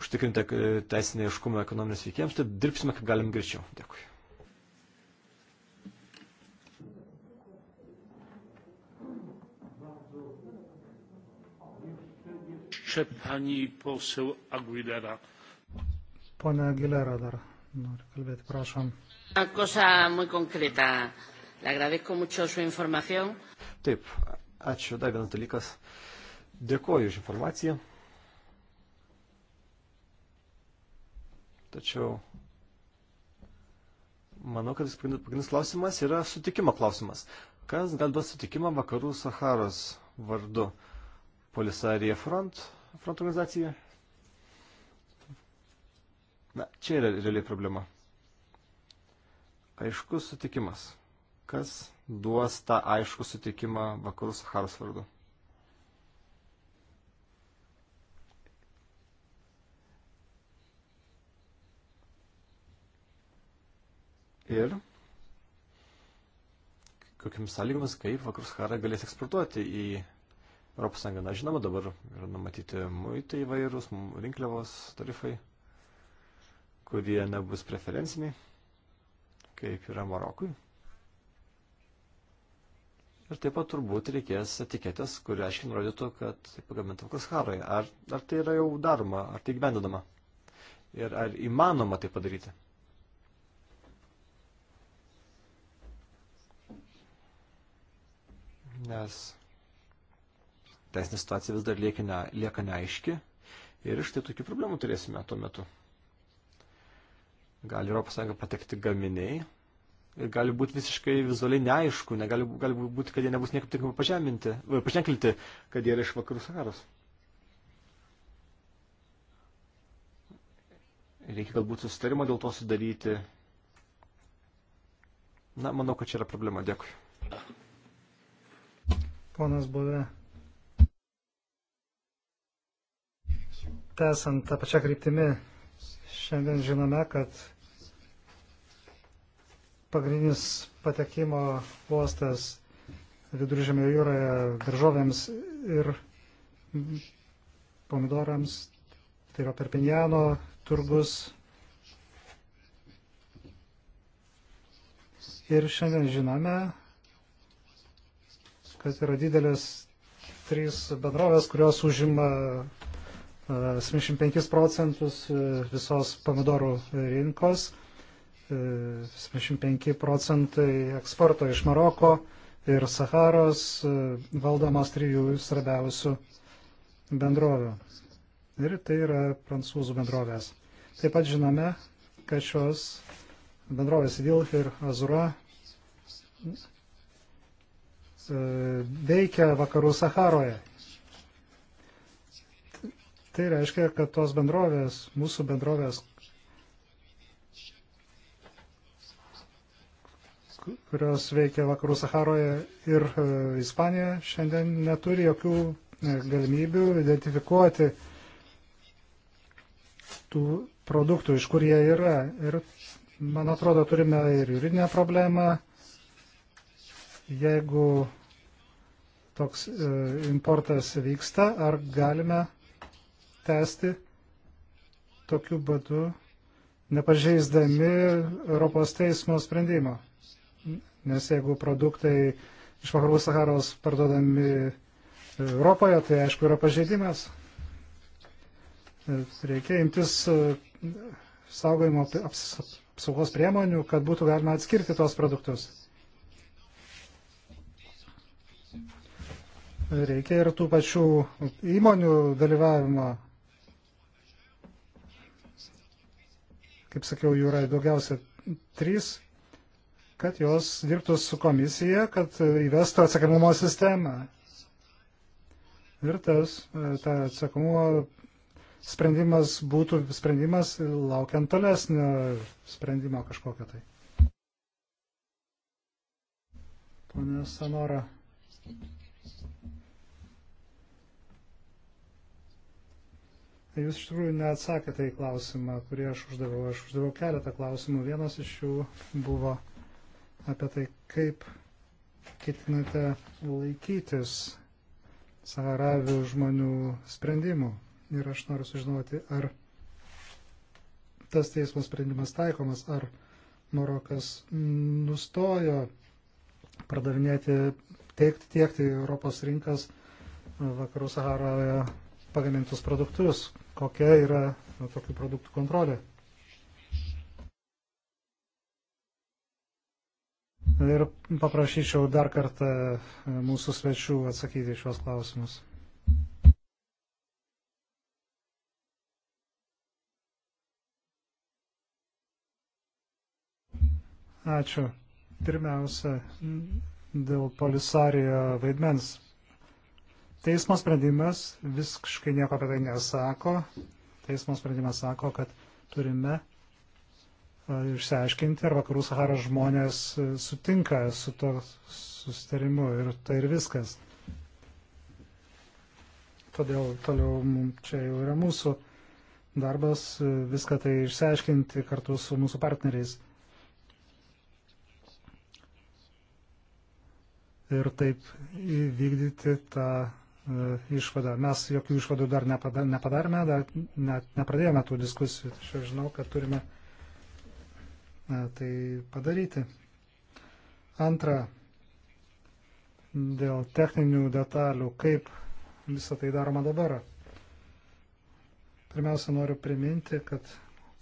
užtikrinti e, teisinį aiškumą ekonominės veikėjams, tai dirbsime kaip galim greičiau. Dėkui. Čia pani posiau Aguilera. Pone Aguilera dar nori kalbėti, prašom. Una cosa muy concreta. Uh, Taip, ačiū, dar vienas dalykas. Dėkuoju už informaciją. Tačiau manau, kad pagrindinis klausimas yra sutikimo klausimas. Kas gali duoti sutikimą vakarų Saharos vardu? Polisarija front, front organizacija? Na, čia yra realiai problema. Aiškus sutikimas kas duos tą aišku sutikimą vakarų Saharos vardu. Ir kokiamis sąlygomis, kaip vakarų Sahara galės eksportuoti į Europos Sąjungą. Na, žinoma, dabar yra numatyti muitai įvairūs, rinkliavos tarifai, kurie nebus preferenciniai, kaip yra Marokui. Ir taip pat turbūt reikės etiketės, kuri aiškiai nurodytų, kad tai pagaminta Kurskaroje. Ar, ar tai yra jau daroma, ar tai gyvendinama? Ir ar įmanoma tai padaryti? Nes teisinė situacija vis dar lieka, ne, lieka neaiški ir iš tai tokių problemų turėsime tuo metu. Gali Europos Sąjunga patekti gaminiai, ir gali būti visiškai vizualiai neaišku, negali, gali būti, kad jie nebus niekaip tinkamai pažeminti, e, paženklinti, kad jie yra iš vakarų Saharos. Reikia galbūt susitarimą dėl to sudaryti. Na, manau, kad čia yra problema. Dėkui. Ponas Bove. Tęsant tą pačią kryptimį, šiandien žinome, kad pagrindinis patekimo uostas viduržėmio jūroje daržovėms ir pomidorams, tai yra Perpinjano turgus. Ir šiandien žinome, kad yra didelės trys bendrovės, kurios užima 75 e, procentus e, visos pomidorų rinkos 75 e, procentai eksporto iš Maroko ir Saharos e, valdomos trijų svarbiausių bendrovių. Ir tai yra prancūzų bendrovės. Taip pat žinome, kad šios bendrovės Vilf ir Azura e, veikia vakarų Saharoje. Tai reiškia, kad tos bendrovės, mūsų bendrovės, kurios veikia Vakarų Saharoje ir e, Ispanija, šiandien neturi jokių e, galimybių identifikuoti tų produktų, iš kur jie yra. Ir, man atrodo, turime ir juridinę problemą. Jeigu toks e, importas vyksta, ar galime tęsti tokiu būdu, nepažeisdami Europos teismo sprendimo nes jeigu produktai iš vakarų Saharos parduodami Europoje, tai aišku yra pažeidimas. Reikia imtis e, saugojimo apsaugos priemonių, kad būtų galima atskirti tos produktus. Reikia ir tų pačių įmonių dalyvavimo. Kaip sakiau, jų yra daugiausia trys kad jos dirbtų su komisija, kad įvestų atsakomumo sistemą. Ir tas, e, ta atsakomumo sprendimas būtų sprendimas laukiant tolesnio sprendimo kažkokio tai. Pone Samora. Jūs iš tikrųjų neatsakėte į klausimą, kurį aš uždaviau. Aš uždaviau keletą klausimų. Vienas iš jų buvo apie tai, kaip ketinate laikytis saharavių žmonių sprendimų. Ir aš noriu sužinoti, ar tas teismo sprendimas taikomas, ar Marokas nustojo pardavinėti, teikti, tiekti Europos rinkas vakarų Saharoje pagamintus produktus. Kokia yra tokių produktų kontrolė? Ir paprašyčiau dar kartą e, mūsų svečių atsakyti šios klausimus. Ačiū. Pirmiausia, dėl polisarijo vaidmens. Teismo sprendimas visiškai nieko apie tai nesako. Teismo sprendimas sako, kad turime išsiaiškinti, ar vakarų Saharos žmonės e, sutinka su to sustarimu ir tai ir viskas. Todėl toliau čia jau yra mūsų darbas e, viską tai išsiaiškinti kartu su mūsų partneriais. Ir taip įvykdyti tą e, išvadą. Mes jokių išvadų dar nepadarėme, dar net nepradėjome tų diskusijų. Tačiau žinau, kad turime tai padaryti. Antra, dėl techninių detalių, kaip visą tai daroma dabar. Pirmiausia, noriu priminti, kad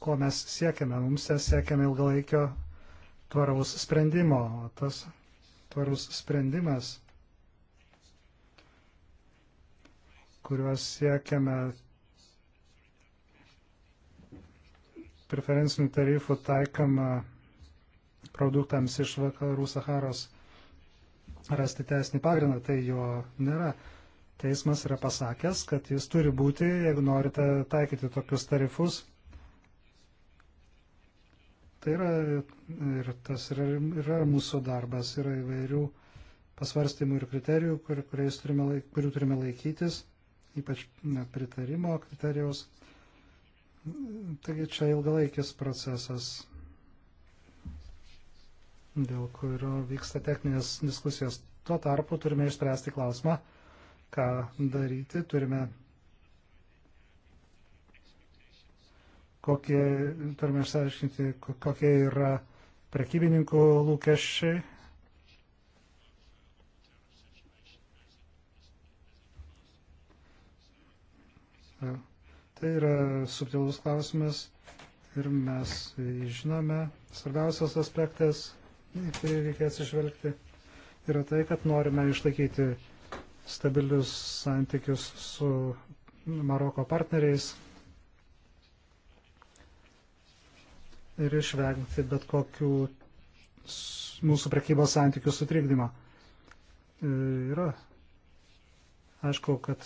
ko mes siekiame. Mums siekiame ilgalaikio tvaraus sprendimo. O tas tvarus sprendimas, kuriuos siekiame preferencinių tarifų taikoma produktams iš vakarų Saharos rasti teisinį pagrindą, tai jo nėra. Teismas yra pasakęs, kad jis turi būti, jeigu norite taikyti tokius tarifus. Tai yra ir tas yra, yra mūsų darbas, yra įvairių pasvarstymų ir kriterijų, kur, turime, kurių turime laikytis, ypač pritarimo kriterijaus. Taigi čia ilgalaikis procesas, dėl kurio vyksta techninės diskusijos. Tuo tarpu turime išspręsti klausimą, ką daryti, turime kokie, turime išsiaiškinti, kokie yra prekybininkų lūkesčiai. Tai yra subtilus klausimas ir mes jį žinome. Svarbiausias aspektas, į kurį reikės išvelgti, yra tai, kad norime išlaikyti stabilius santykius su Maroko partneriais ir išvengti bet kokių mūsų prekybos santykių sutrikdymą. E, yra aišku, kad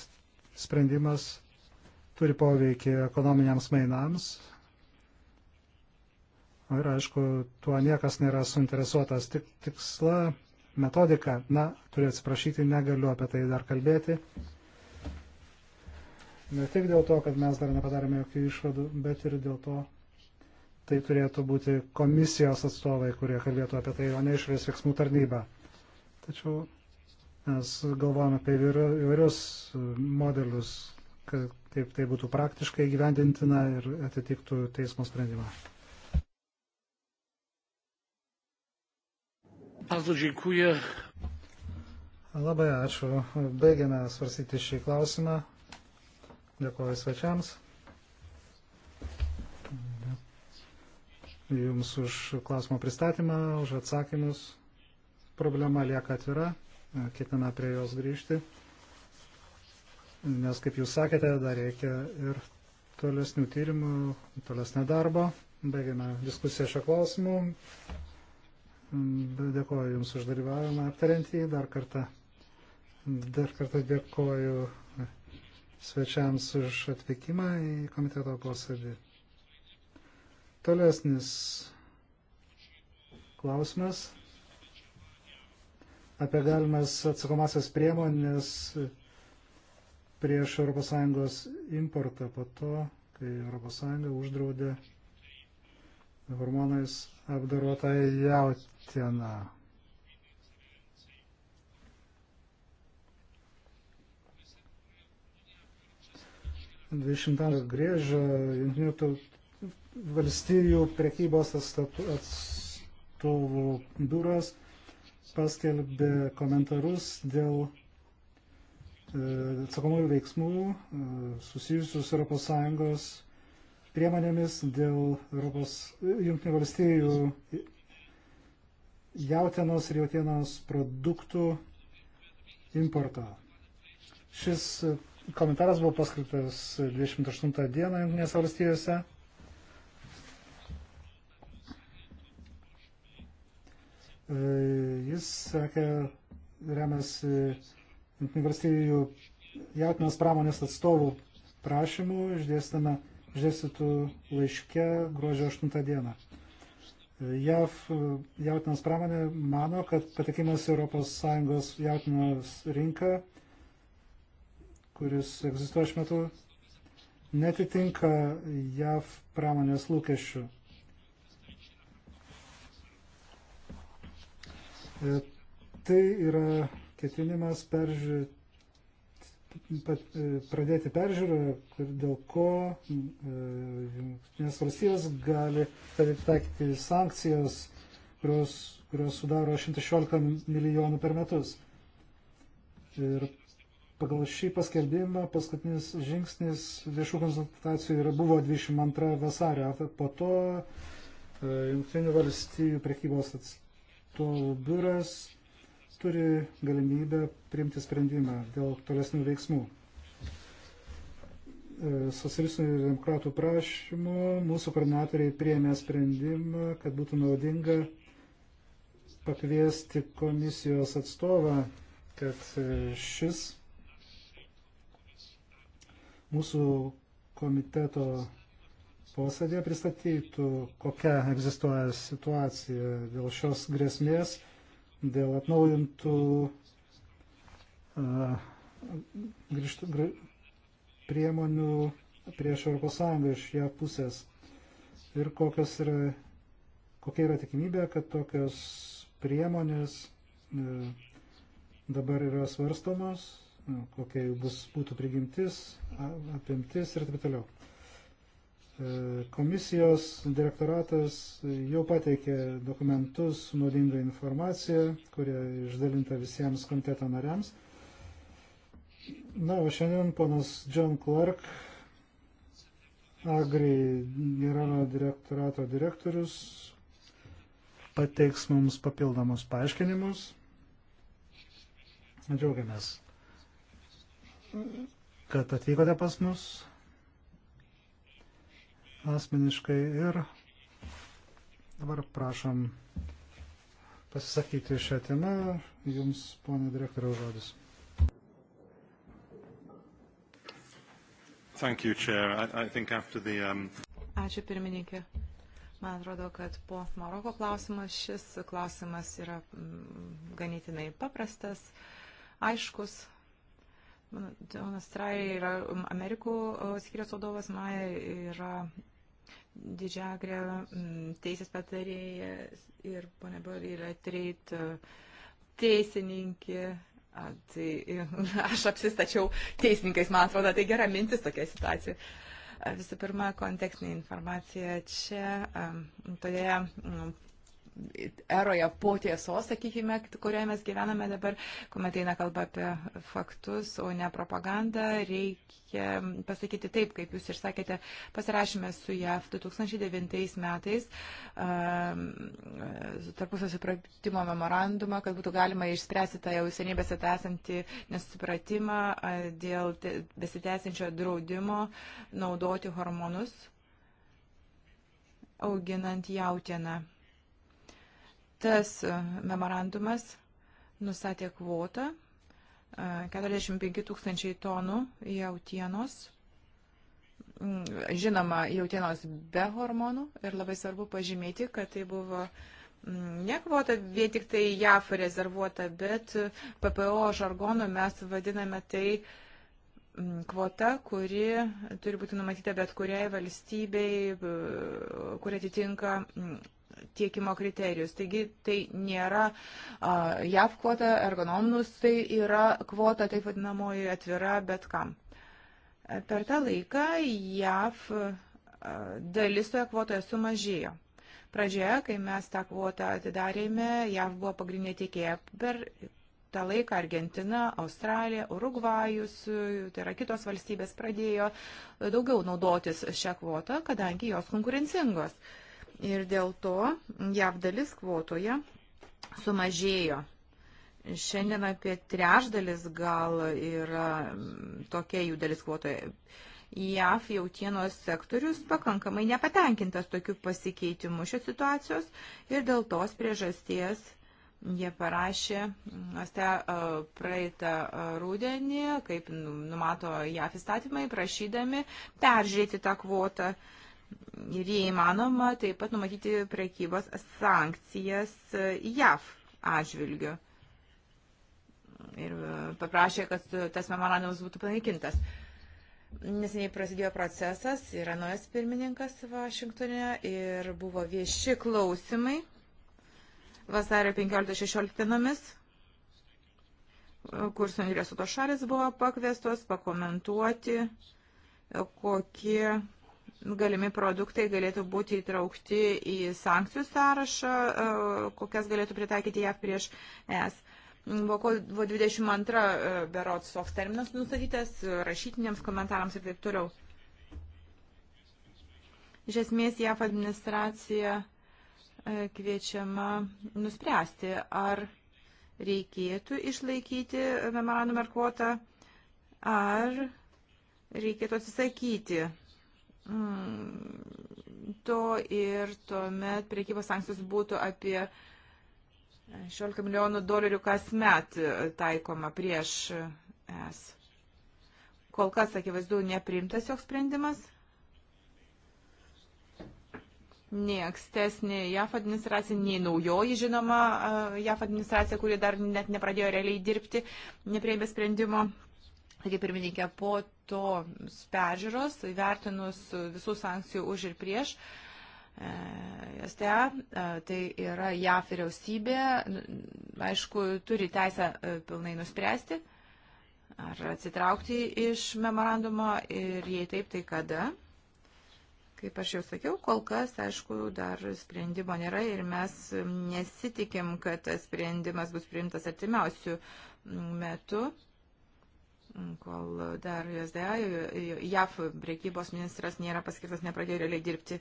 sprendimas turi poveikį ekonominiams mainams. Ir aišku, tuo niekas nėra suinteresuotas. Tik tiksla, metodika, na, turiu atsiprašyti, negaliu apie tai dar kalbėti. Ne tik dėl to, kad mes dar nepadarėme jokių išvadų, bet ir dėl to, tai turėtų būti komisijos atstovai, kurie kalbėtų apie tai, o ne išvės veiksmų tarnyba. Tačiau mes galvojame apie įvairius modelius, kaip tai būtų praktiškai gyvendintina ir atitiktų teismo sprendimą. Bardzo dziękuję. Labai ačiū. Baigiame svarstyti šį klausimą. Dėkuoju svečiams. Jums už klausimo pristatymą, už atsakymus. Problema lieka atvira. Ketiname prie jos grįžti nes, kaip jūs sakėte, dar reikia ir tolesnių tyrimų, tolesnio darbo. Baigėme diskusiją šio klausimu. Dėkoju Jums už dalyvavimą aptariant jį. Dar kartą, dar kartą dėkoju svečiams už atvykimą į komiteto posėdį. Tolesnis klausimas apie galimas atsakomasias priemonės prieš ES importą po to, kai ES uždraudė hormonais apdarotą jautieną. Dvidešimtą grėžą Junktinių valstijų prekybos atstovų biuras paskelbė komentarus dėl E, atsakomųjų veiksmų e, susijusių su ES priemonėmis dėl Europos Junktinių valstybių jautienos ir jautienos produktų importo. Šis komentaras buvo paskriptas 28 dieną Junktinėse valstijose. E, jis sakė, remiasi valstybių jautinos pramonės atstovų prašymų išdėstame išdėstytų laiške gruodžio 8 dieną. JAV jautinos pramonė mano, kad patekimas ES jautinos rinką, kuris egzistuoja šiuo metu, netitinka JAV pramonės lūkesčių. E, tai yra ketinimas peržiūrėti pradėti peržiūrą, dėl ko e, Junktinės valstijos gali taikyti sankcijas, kurios, kurios sudaro 116 milijonų per metus. Ir pagal šį paskelbimą paskutinis žingsnis viešų konsultacijų yra, buvo 22 vasario, po to e, Junktinių valstijų prekybos atstovų biuras turi galimybę priimti sprendimą dėl tolesnių veiksmų. E, Socialistų ir demokratų prašymu mūsų koordinatoriai priėmė sprendimą, kad būtų naudinga pakviesti komisijos atstovą, kad e, šis mūsų komiteto posėdėje pristatytų, kokia egzistuoja situacija dėl šios grėsmės dėl atnaujintų uh, grįžtų, gr, priemonių prieš ES iš ją pusės ir kokios yra, kokia yra tikimybė, kad tokios priemonės uh, dabar yra svarstomos, kokia jų bus, būtų prigimtis, apimtis ir taip toliau. Komisijos direktoratas jau pateikė dokumentus su naudinga informacija, kurie išdalinta visiems komiteto nariams. Na, o šiandien ponas John Clark, Agri generalinio direktorato direktorius, pateiks mums papildomus paaiškinimus. Džiaugiamės, kad atvykote pas mus asmeniškai ir dabar prašom pasisakyti šią temą. Jums, ponė direktoriaus, žodis. Thank you, Chair. I, I think after the, um... Ačiū pirmininkė. Man atrodo, kad po Maroko klausimas šis klausimas yra mm, ganėtinai paprastas, aiškus. Donas Trai yra mm, Amerikų skiriaus vadovas, Maja yra Didžiagrė, mm, teisės patarėja ir ponia Bori yra treit e, teisininkė. A, tai e, [LAUGHS] aš apsistačiau teisininkais, man atrodo, tai gera mintis tokia situacija. Visų pirma, kontekstinė informacija čia, toje eroje po tiesos, sakykime, kurioje mes gyvename dabar, kuomet eina kalba apie faktus, o ne propagandą, reikia pasakyti taip, kaip jūs ir sakėte, pasirašėme su JAV 2009 metais um, tarpusio supratimo memorandumą, kad būtų galima išspręsti tą jau senybės atesantį nesupratimą dėl besitęsinčio draudimo naudoti hormonus auginant jautieną. Tas e, memorandumas nustatė kvotą 45 e, tūkstančiai tonų jautienos. Žinoma, jautienos be hormonų ir labai svarbu pažymėti, kad tai buvo ne kvota vien tik tai JAF rezervuota, bet PPO žargonu mes vadiname tai kvota, kuri turi būti numatyta bet kuriai valstybei, kuri atitinka tiekimo kriterijus. Taigi tai nėra a, JAV kvota, ergonominus tai yra kvota, taip vadinamoji atvira bet kam. E, per tą laiką JAV a, dalis toje kvotoje sumažėjo. Pradžioje, kai mes tą kvotą atidarėme, JAV buvo pagrindinė tiekėja per tą laiką Argentina, Australija, Urugvajus, tai yra kitos valstybės pradėjo daugiau naudotis šią kvotą, kadangi jos konkurencingos. Uh, Ir dėl to jav dalis kvotoje sumažėjo. Šiandien apie trešdalis gal yra tokia jų dalis kvotoje. JAF jautienos sektorius pakankamai nepatenkintas tokiu pasikeitimu šios situacijos ir dėl tos priežasties jie parašė ste, praeitą rūdienį, kaip numato JAF įstatymai, prašydami peržiūrėti tą kvotą. Uh, Ir jei įmanoma, taip pat numatyti prekybos sankcijas JAV atžvilgiu. Ir e, paprašė, kad e, tas memorandumas būtų panaikintas. Neseniai prasidėjo procesas, yra naujas pirmininkas Vašingtonė ir buvo vieši klausimai vasario 15-16 dienomis, e, kur suinteresuotos šalis buvo pakviestos pakomentuoti, kokie galimi produktai galėtų būti įtraukti į sankcijų sąrašą, e, kokias galėtų pritaikyti JAV prieš ES. Buvo 22 e, berots toks terminas nustatytas e, rašytiniams komentarams ir taip toliau. Iš esmės JAV administracija kviečiama nuspręsti, ar reikėtų išlaikyti memorandumą ar kvotą, ar reikėtų atsisakyti Mm, to ir tuomet priekybos sankcijos būtų apie 16 milijonų dolerių kasmet taikoma prieš es. Kol kas, akivaizdu, neprimtas joks sprendimas. Nei ankstesnė JAF administracija, nei naujoji žinoma JAF administracija, kuri dar net nepradėjo realiai dirbti, neprieibė sprendimo. Taigi, pirmininkė, po to peržiūros, įvertinus visų sankcijų už ir prieš, e, STA, e, tai yra JAF vyriausybė, aišku, turi teisę e, pilnai nuspręsti, ar atsitraukti iš memorandumo ir jei taip, tai kada. Kaip aš jau sakiau, kol kas, aišku, dar sprendimo nėra ir mes nesitikim, kad tas sprendimas bus priimtas artimiausių metų kol dar USDA, JAF priekybos ministras nėra paskirtas, nepradėjo realiai dirbti.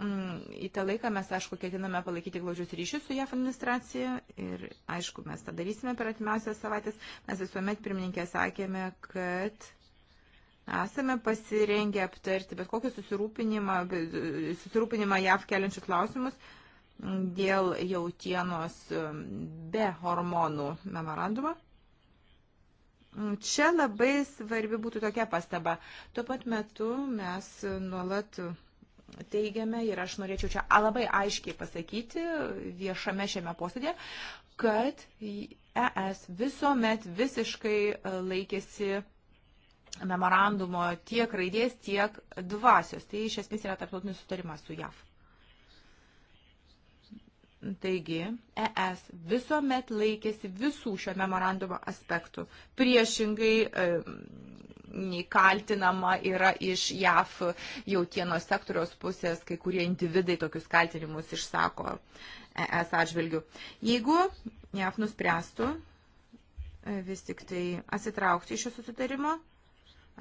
Mm, į tą laiką mes, aišku, ketiname palaikyti glaudžius ryšius su JAF administracija ir, aišku, mes tą darysime per atimiausias savaitės. Mes visuomet pirmininkė sakėme, kad esame pasirengę aptarti bet kokį susirūpinimą, susirūpinimą JAF keliančius klausimus dėl jautienos be hormonų memorandumą Čia labai svarbi būtų tokia pastaba. Tuo pat metu mes nuolat teigiame ir aš norėčiau čia labai aiškiai pasakyti viešame šiame posėdė, kad ES visuomet visiškai e, laikėsi memorandumo tiek raidės, tiek dvasios. Tai iš esmės yra tarptautinis sutarimas su JAV. Taigi, ES visuomet laikėsi visų šio memorandumo aspektų. Priešingai nei kaltinama yra iš JAF jautienos sektoriaus pusės, kai kurie individai tokius kaltinimus išsako ES atžvilgių. Jeigu JAF nuspręstų e, vis tik tai atsitraukti iš šio susitarimo,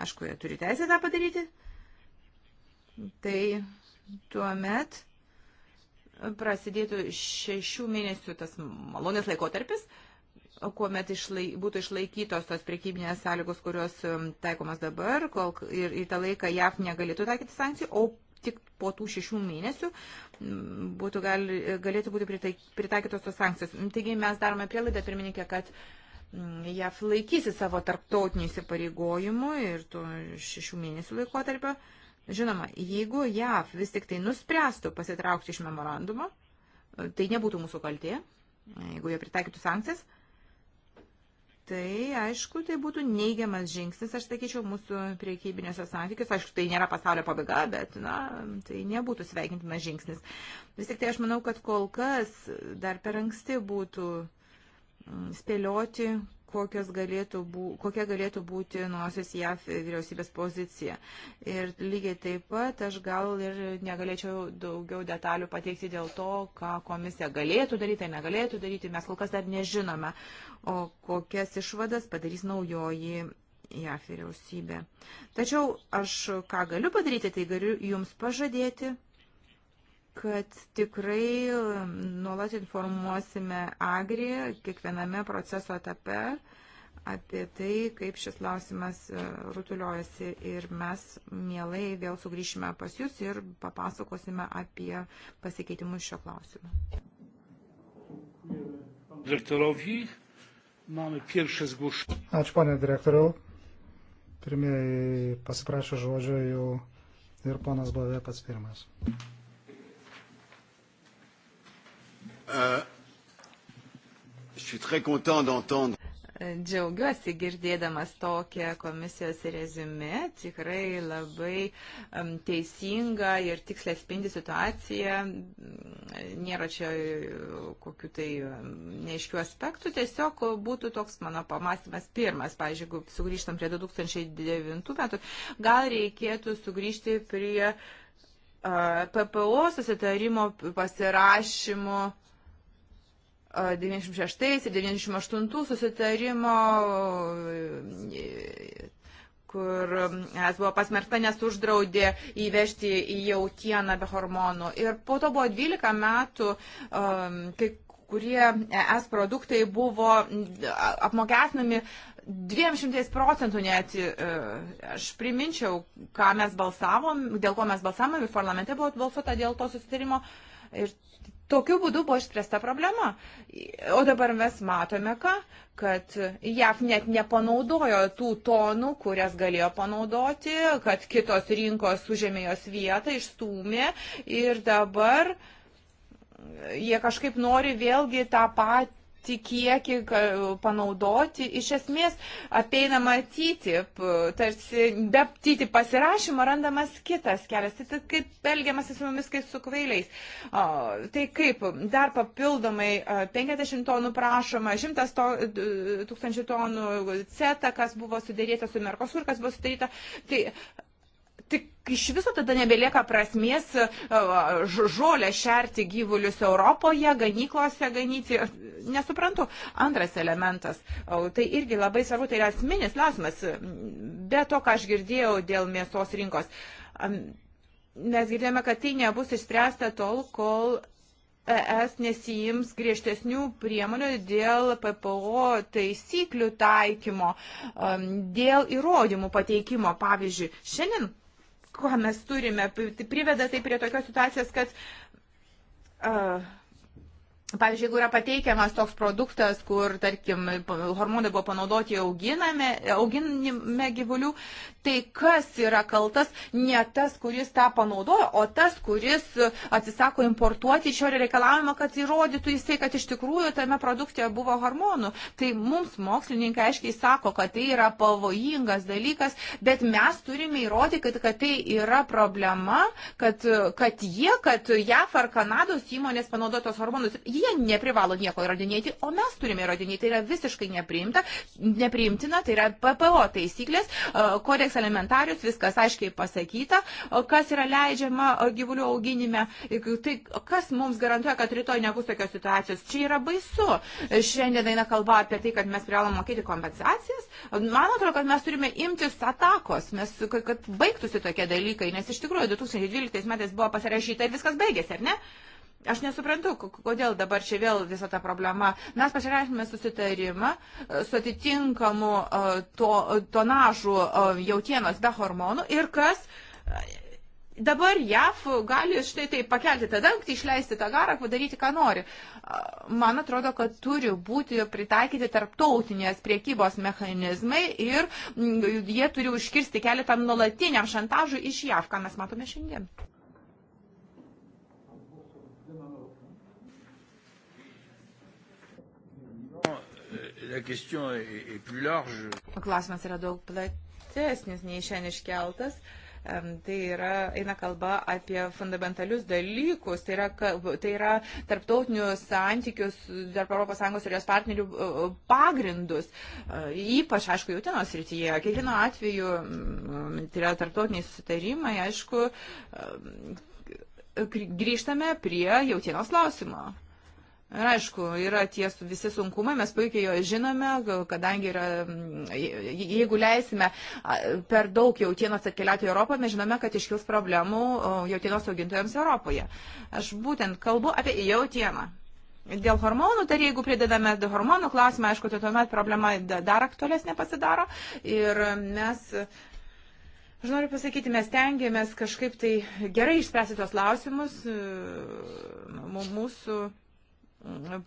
aišku, jie turi teisę tą padaryti, tai tuomet prasidėtų šešių mėnesių tas malonės laikotarpis, kuomet išlai, būtų išlaikytos tos priekybinės sąlygos, kurios um, taikomas dabar, kol ir, ir tą laiką JAF negalėtų taikyti sankcijų, o tik po tų šešių mėnesių mm, būtų gal, galėtų būti pritaik, pritaikytos tos sankcijos. Taigi mes darome prielaidą, pirmininkė, kad mm, JAF laikysi savo tarptautinių įsipareigojimų ir tų šešių mėnesių laikotarpio. Žinoma, jeigu JAV vis tik tai nuspręstų pasitraukti iš memorandumo, tai nebūtų mūsų kaltė, jeigu jie pritaikytų sankcijas, tai aišku, tai būtų neigiamas žingsnis, aš sakyčiau, mūsų priekybinėse santykiuose. Aišku, tai nėra pasaulio pabaiga, bet, na, tai nebūtų sveikintinas žingsnis. Vis tik tai aš manau, kad kol kas dar per anksti būtų mm, spėlioti, galėtų bū, kokia galėtų būti nuosios JAF vyriausybės pozicija. Ir lygiai taip pat aš gal ir negalėčiau daugiau detalių pateikti dėl to, ką komisija galėtų daryti ar negalėtų daryti. Mes kol kas dar nežinome, o kokias išvadas padarys naujoji JAF vyriausybė. Tačiau aš ką galiu padaryti, tai galiu jums pažadėti kad tikrai um, nuolat informuosime Agri kiekviename proceso etape apie tai, kaip šis klausimas e, rutuliojasi ir mes mielai vėl sugrįšime pas Jūs ir papasakosime apie pasikeitimus šio klausimu. Ačiū, ponė direktoriau. Pirmieji pasiprašė žodžio jau ir ponas Bovė pats pirmas. Uh, Džiaugiuosi girdėdamas tokią komisijos rezumė, tikrai labai um, teisinga ir tiksliai spindi situacija, nėra čia e, kokių tai neiškių aspektų, tiesiog būtų toks mano pamastymas pirmas, pavyzdžiui, jeigu sugrįžtam prie 2009 metų, gal reikėtų sugrįžti prie uh, e, PPO susitarimo pasirašymo uh, 96 ir 98 susitarimo, kur es buvo pasmerkta, nes uždraudė įvežti į jautieną be hormonų. Ir po to buvo 12 metų, um, kai kurie es produktai buvo apmokestinami 200 procentų net, uh, aš priminčiau, ką mes balsavom, dėl ko mes balsavom ir parlamente buvo balsuota dėl to susitarimo. Ir Tokiu būdu buvo išspręsta problema. O dabar mes matome, ką, kad JAV net nepanaudojo tų tonų, kurias galėjo panaudoti, kad kitos rinkos užėmė jos vietą, išstūmė ir dabar jie kažkaip nori vėlgi tą patį kiekį panaudoti, iš esmės apeinama TTIP, tarsi be TTIP pasirašymo randamas kitas kelias. Tai kaip elgiamasi su mumis, kaip su kvailiais. O, tai kaip dar papildomai 50 tonų prašoma, 100 to, tūkstančių tonų CETA, kas buvo sudėrėta su Merkosur, kas buvo sudėrėta. Tai tik iš viso tada nebelieka prasmės e, žolę šerti gyvulius Europoje, ganyklose ganyti. Nesuprantu. Antras elementas, tai irgi labai svarbu, tai yra asmenis klausimas, be to, ką aš girdėjau dėl mėsos rinkos. Mes girdėjome, kad tai nebus išspręsta tol, kol ES nesijims griežtesnių priemonių dėl PPO taisyklių taikymo, dėl įrodymų pateikimo. Pavyzdžiui, šiandien ko mes turime, tai priveda tai prie tokios situacijos, kad uh, Pavyzdžiui, jeigu yra pateikiamas toks produktas, kur, tarkim, hormonai buvo panaudoti auginame, auginime gyvulių, tai kas yra kaltas? Ne tas, kuris tą panaudojo, o tas, kuris atsisako importuoti šio reikalavimo, kad įrodytų jisai, kad iš tikrųjų tame produkte buvo hormonų. Tai mums mokslininkai aiškiai sako, kad tai yra pavojingas dalykas, bet mes turime įrodyti, kad, kad tai yra problema, kad, kad jie, kad JAF ar Kanados įmonės panaudotos hormonus jie neprivalo nieko įrodinėti, o mes turime įrodinėti. Tai yra visiškai nepriimta, nepriimtina, tai yra PPO taisyklės, e, kodeks elementarius, viskas aiškiai pasakyta, e, kas yra leidžiama e, gyvulių auginime, tai kas mums garantuoja, kad rytoj nebus tokios situacijos. Čia yra baisu. Šiandien eina kalba apie tai, kad mes privalom mokėti kompensacijas. Man atrodo, kad mes turime imtis atakos, mes, kad baigtųsi tokie dalykai, nes iš tikrųjų 2012 metais buvo pasirašyta ir viskas baigėsi, ar ne? Aš nesuprantu, kodėl dabar čia vėl visa ta problema. Mes pasirašėme susitarimą e, su atitinkamu e, to, tonažu e, jautienos be hormonų ir kas dabar JAF gali štai tai pakelti tą dangtį, išleisti tą garą, padaryti, ką nori. Man atrodo, kad turi būti pritaikyti tarptautinės priekybos mechanizmai ir mm, jie turi užkirsti kelią tam nuolatiniam šantažui iš JAF, ką mes matome šiandien. Klausimas yra daug platesnis nei šiandien iškeltas. Tai yra, eina kalba apie fundamentalius dalykus, tai yra, tai yra tarptautinių santykius tarp ES ir jos partnerių pagrindus. E, ypač, aišku, jautinos rytyje. Kiekvieno atveju tai yra tarptautiniai susitarimai, aišku, e, grįžtame prie jautienos klausimo. Ir aišku, yra tie visi sunkumai, mes puikiai jo žinome, kadangi yra, jeigu leisime per daug jautienos atkeliauti į Europą, mes žinome, kad iškils problemų jautienos augintojams Europoje. Aš būtent kalbu apie jautieną. Dėl hormonų, tai jeigu pridedame hormonų klausimą, aišku, tai tuomet problema dar aktualesnė pasidaro. Ir mes Aš noriu pasakyti, mes tengiamės kažkaip tai gerai išspręsti tos klausimus. Mūsų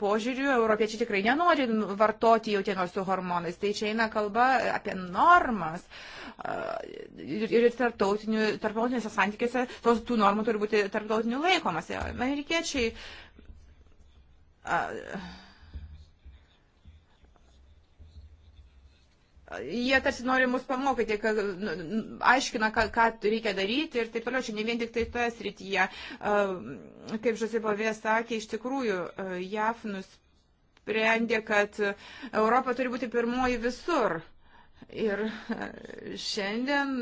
požiūriu europiečiai tikrai nenori vartoti jautienos su hormonais. Tai čia eina kalba apie normas. E, ir, ir tarptautiniuose santykiuose tos, tų normų turi būti tarptautinių laikomasi. Amerikiečiai. A, e, jie tarsi nori mus pamokyti, kad nu, nu, aiškina, ką, ką reikia daryti ir taip toliau. Čia ne vien tik tai toje srityje. Ehm, kaip Žosipavė sakė, iš tikrųjų e, JAF nusprendė, kad Europa turi būti pirmoji visur. Ir e, šiandien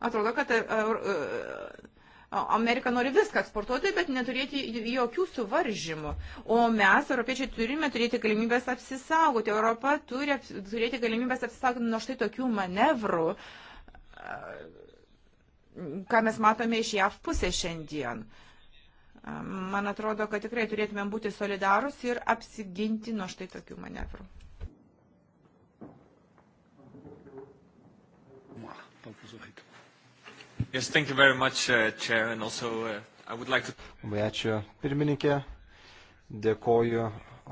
atrodo, kad e, Amerika nori viską eksportuoti, bet neturėti jokių suvaržymų. O mes, europiečiai, turime turėti galimybės apsisaugoti. Europa turi turėti galimybės apsisaugoti nuo štai tokių manevrų, ką mes matome iš JAV pusės šiandien. Man atrodo, kad tikrai turėtumėm būti solidarus ir apsiginti nuo štai tokių manevrų. Posłuchaj Yes, thank you very much, uh, Chair, and also uh, I would like to... Labai ačiū pirmininkė, dėkoju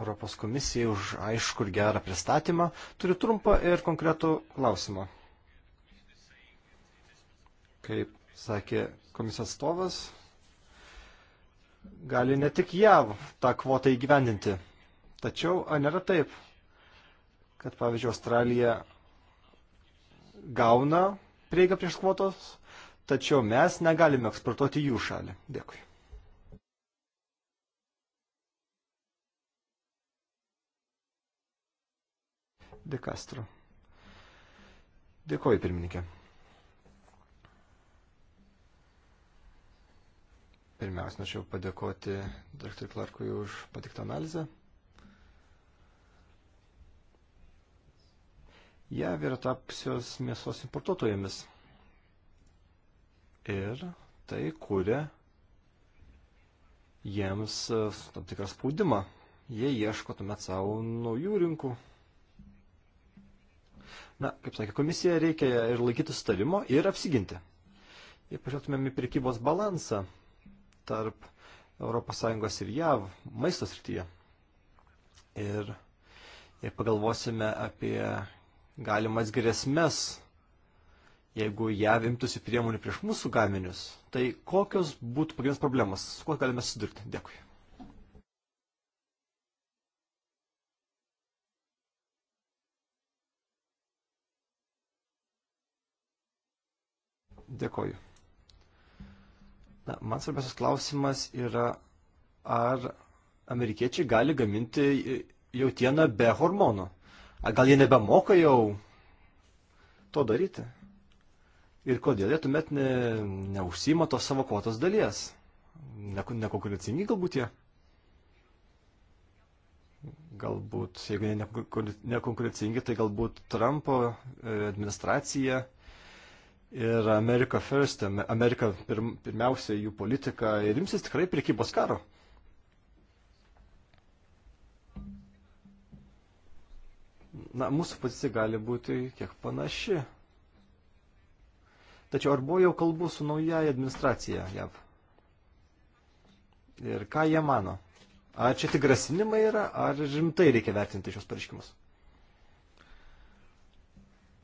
Europos komisijai už aišku ir gerą pristatymą. Turiu trumpą ir konkretų klausimą. Kaip sakė komisijos atstovas, gali ne tik JAV tą kvotą įgyvendinti. Tačiau ar nėra taip, kad pavyzdžiui Australija gauna prieigą prieš kvotos, tačiau mes negalime eksportuoti jų šalį. Dėkui. De Castro. Dėkoju, pirmininkė. Pirmiausia, norėčiau padėkoti dr. Klarkui už patiktą analizę. Jav yra tapusios mėsos importuotojomis ir tai kūrė jiems e, tam tikrą spaudimą. Jie ieško tuomet savo naujų rinkų. Na, kaip sakė komisija, reikia ir laikyti sutarimo ir apsiginti. Jei pažiūrėtumėm į prekybos balansą tarp ES ir JAV maisto srityje ir jei pagalvosime apie galimas grėsmes jeigu jav imtųsi priemonių prieš mūsų gaminius, tai kokios būtų pagrindinės problemas, su kuo galime susidurti? Dėkui. Dėkoju. Na, man svarbiausias klausimas yra, ar amerikiečiai gali gaminti jautieną be hormonų? Ar gal jie nebemoka jau to daryti? Ir kodėl jie tuomet ne, neužsima tos savo kvotos dalies? Nekonkurencingi ne galbūt jie? Galbūt, jeigu jie nekonkurencingi, tai galbūt Trumpo e, administracija ir Amerika First, Amerika pirm, pirmiausia jų politika ir imsis tikrai prekybos karo. Na, mūsų pozicija gali būti kiek panaši. Tačiau ar buvo jau kalbų su naujaja administracija JAV? Ir ką jie mano? Ar čia tik grasinimai yra, ar rimtai reikia vertinti šios pareiškimus?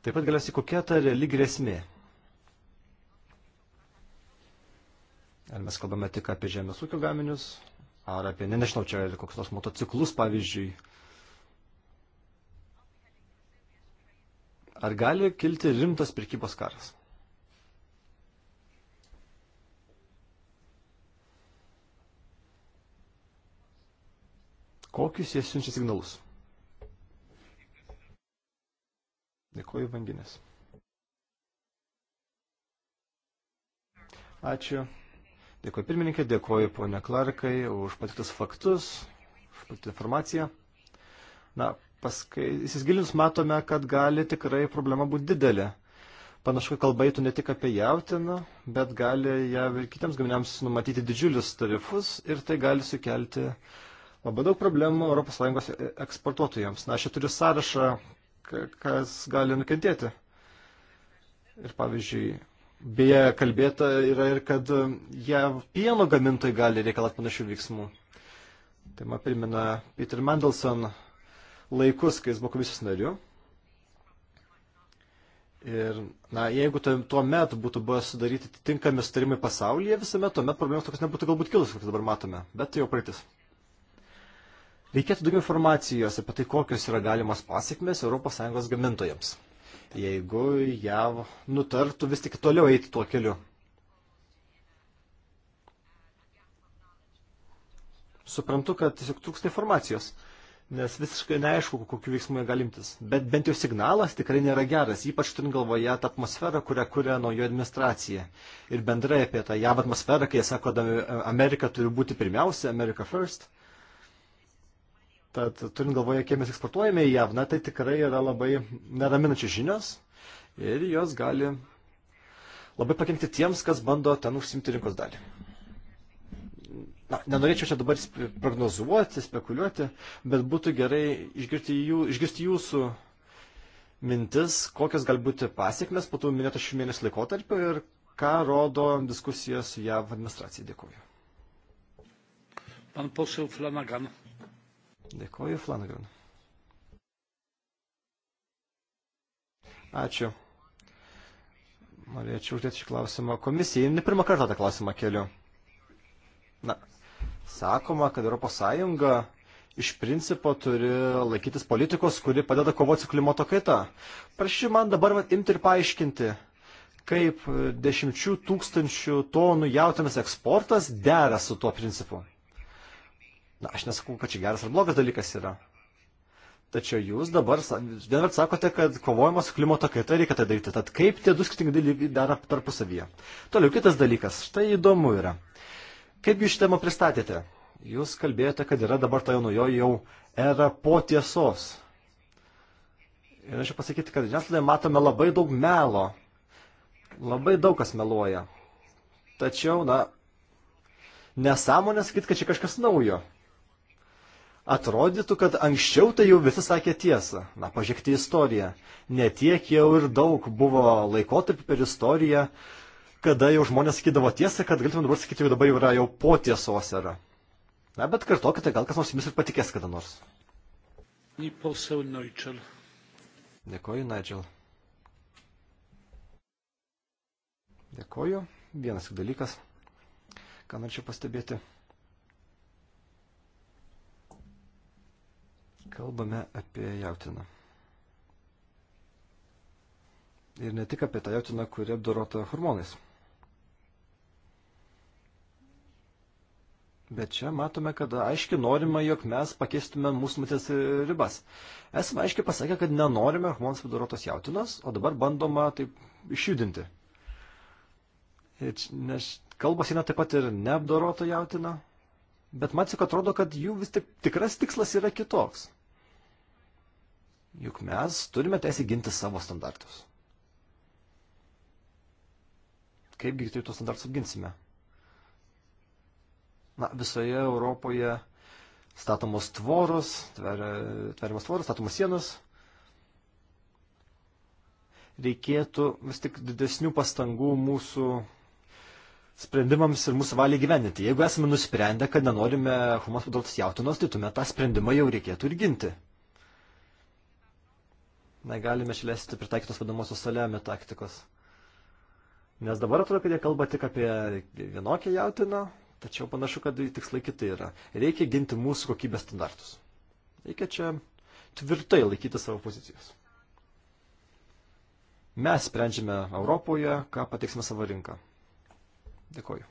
Taip pat galiausiai kokia ta reali grėsmė? Ar mes kalbame tik apie žemės ūkio gaminius, ar apie, ne, nežinau, čia kokius nors motociklus, pavyzdžiui. Ar gali kilti rimtas prekybos karas? kokius jie siunčia signalus. Dėkuoju, Vanginės. Ačiū. Dėkuoju pirmininkė, dėkuoju ponia Klarkai už patiktus faktus, už patiktą informaciją. Na, paskai, įsisgilinus matome, kad gali tikrai problema būti didelė. Panašu, kalba eitų ne tik apie jautiną, bet gali ją ir kitiems gaminiams numatyti didžiulius tarifus ir tai gali sukelti labai daug problemų ES e- eksportuotojams. Na, aš čia turiu sąrašą, kas gali nukentėti. Ir pavyzdžiui, beje, kalbėta yra ir, kad e, jav pieno gamintojai gali reikalauti panašių veiksmų. Tai man primena Peter Mandelson laikus, kai jis buvo komisijos nariu. Ir, na, jeigu tuo metu būtų buvę sudaryti tinkami sutarimai pasaulyje visame, tuomet problemas tokios nebūtų galbūt kilus, kokias dabar matome. Bet tai jau praeitis. Reikėtų daugiau informacijos apie tai, kokios yra galimos pasiekmes ES gamintojams, jeigu JAV nutartų vis tik toliau eiti tuo keliu. Suprantu, kad tiesiog trūksta informacijos, nes visiškai neaišku, kokiu veiksmu jie galimtis. Bet bent jau signalas tikrai nėra geras, ypač turint galvoje tą atmosferą, kurią kuria naujo administracija. Ir bendrai apie tą JAV atmosferą, kai jie sako, kad Amerika turi būti pirmiausia, America first. Uh, Tad turint galvoje, kiek mes eksportuojame į JAV, na tai tikrai yra labai neraminančios žinios ir jos gali labai pakengti tiems, kas bando ten užsimti rinkos dalį. Na, nenorėčiau čia dabar prognozuoti, spekuliuoti, bet būtų gerai išgirsti, jų, išgirsti jūsų mintis, kokios gali būti pasiekmes po tų minėtų šių mėnesių laikotarpio ir ką rodo diskusijos su JAV administracija. Dėkuoju. Pan poseł Flanagan. Dėkuoju, Flanagran. Ačiū. Norėčiau uždėti šį klausimą komisijai. Ne pirmą kartą tą klausimą keliu. Na, sakoma, kad ES iš principo turi laikytis politikos, kuri padeda kovoti su klimato kaita. Prašyčiau man dabar vat, imti ir paaiškinti, kaip dešimčių tūkstančių tonų jautinas eksportas dera su tuo principu. Na, aš nesakau, kad čia geras ar blogas dalykas yra. Tačiau jūs dabar vieną sakote, kad kovojimas su klimato kaita reikia tai daryti. Tad kaip tie du skirtingi dalykai dera tarpusavyje? Toliau kitas dalykas. Štai įdomu yra. Kaip jūs šitą temą pristatėte? Jūs kalbėjote, kad yra dabar ta jau naujoji jau era po tiesos. Ir aš jau pasakyti, kad žiniasklaidoje matome labai daug melo. Labai daug kas meluoja. Tačiau, na, nesąmonė sakyti, kad čia kažkas naujo. Atrodytų, kad anksčiau tai jau visi sakė tiesą. Na, pažiūrėkite istoriją. Netiek jau ir daug buvo laikotarpių per istoriją, kada jau žmonės sakydavo tiesą, kad galėtume dabar sakyti, jau dabar jau yra jau po tiesos yra. Na, bet kartokite, gal kas nors jums ir patikės kada nors. Dėkoju, Nigel. Dėkoju. Vienas dalykas, ką norėčiau pastebėti. kalbame apie jautiną. Ir ne tik apie tą jautiną, kuri apdorota hormonais. Bet čia matome, kad aiškiai norima, jog mes pakeistume mūsų matės ribas. Esame aiškiai pasakę, kad nenorime hormonus apdorotos jautinos, o dabar bandoma taip išjudinti. Ir nes kalbas eina taip pat ir neapdoroto jautiną, bet man tik atrodo, kad jų vis tik tikras tikslas yra kitoks. Juk mes turime teisę ginti savo standartus. Kaipgi tai tuos standartus apginsime? Na, visoje Europoje statomos tvoros, tver, tveriamas tvoros, statomos sienos. Reikėtų vis tik didesnių pastangų mūsų sprendimams ir mūsų valiai gyveninti. Jeigu esame nusprendę, kad nenorime humas padaltos jautinos, tai tuomet tą sprendimą jau reikėtų ir ginti negalime išleisti pritaikytos vadamosios salėmi taktikos. Nes dabar atrodo, kad jie kalba tik apie vienokią jautiną, tačiau panašu, kad tikslai kiti yra. Reikia ginti mūsų kokybės standartus. Reikia čia tvirtai laikyti savo pozicijos. Mes sprendžiame Europoje, ką pateiksime savo rinką. Dėkoju.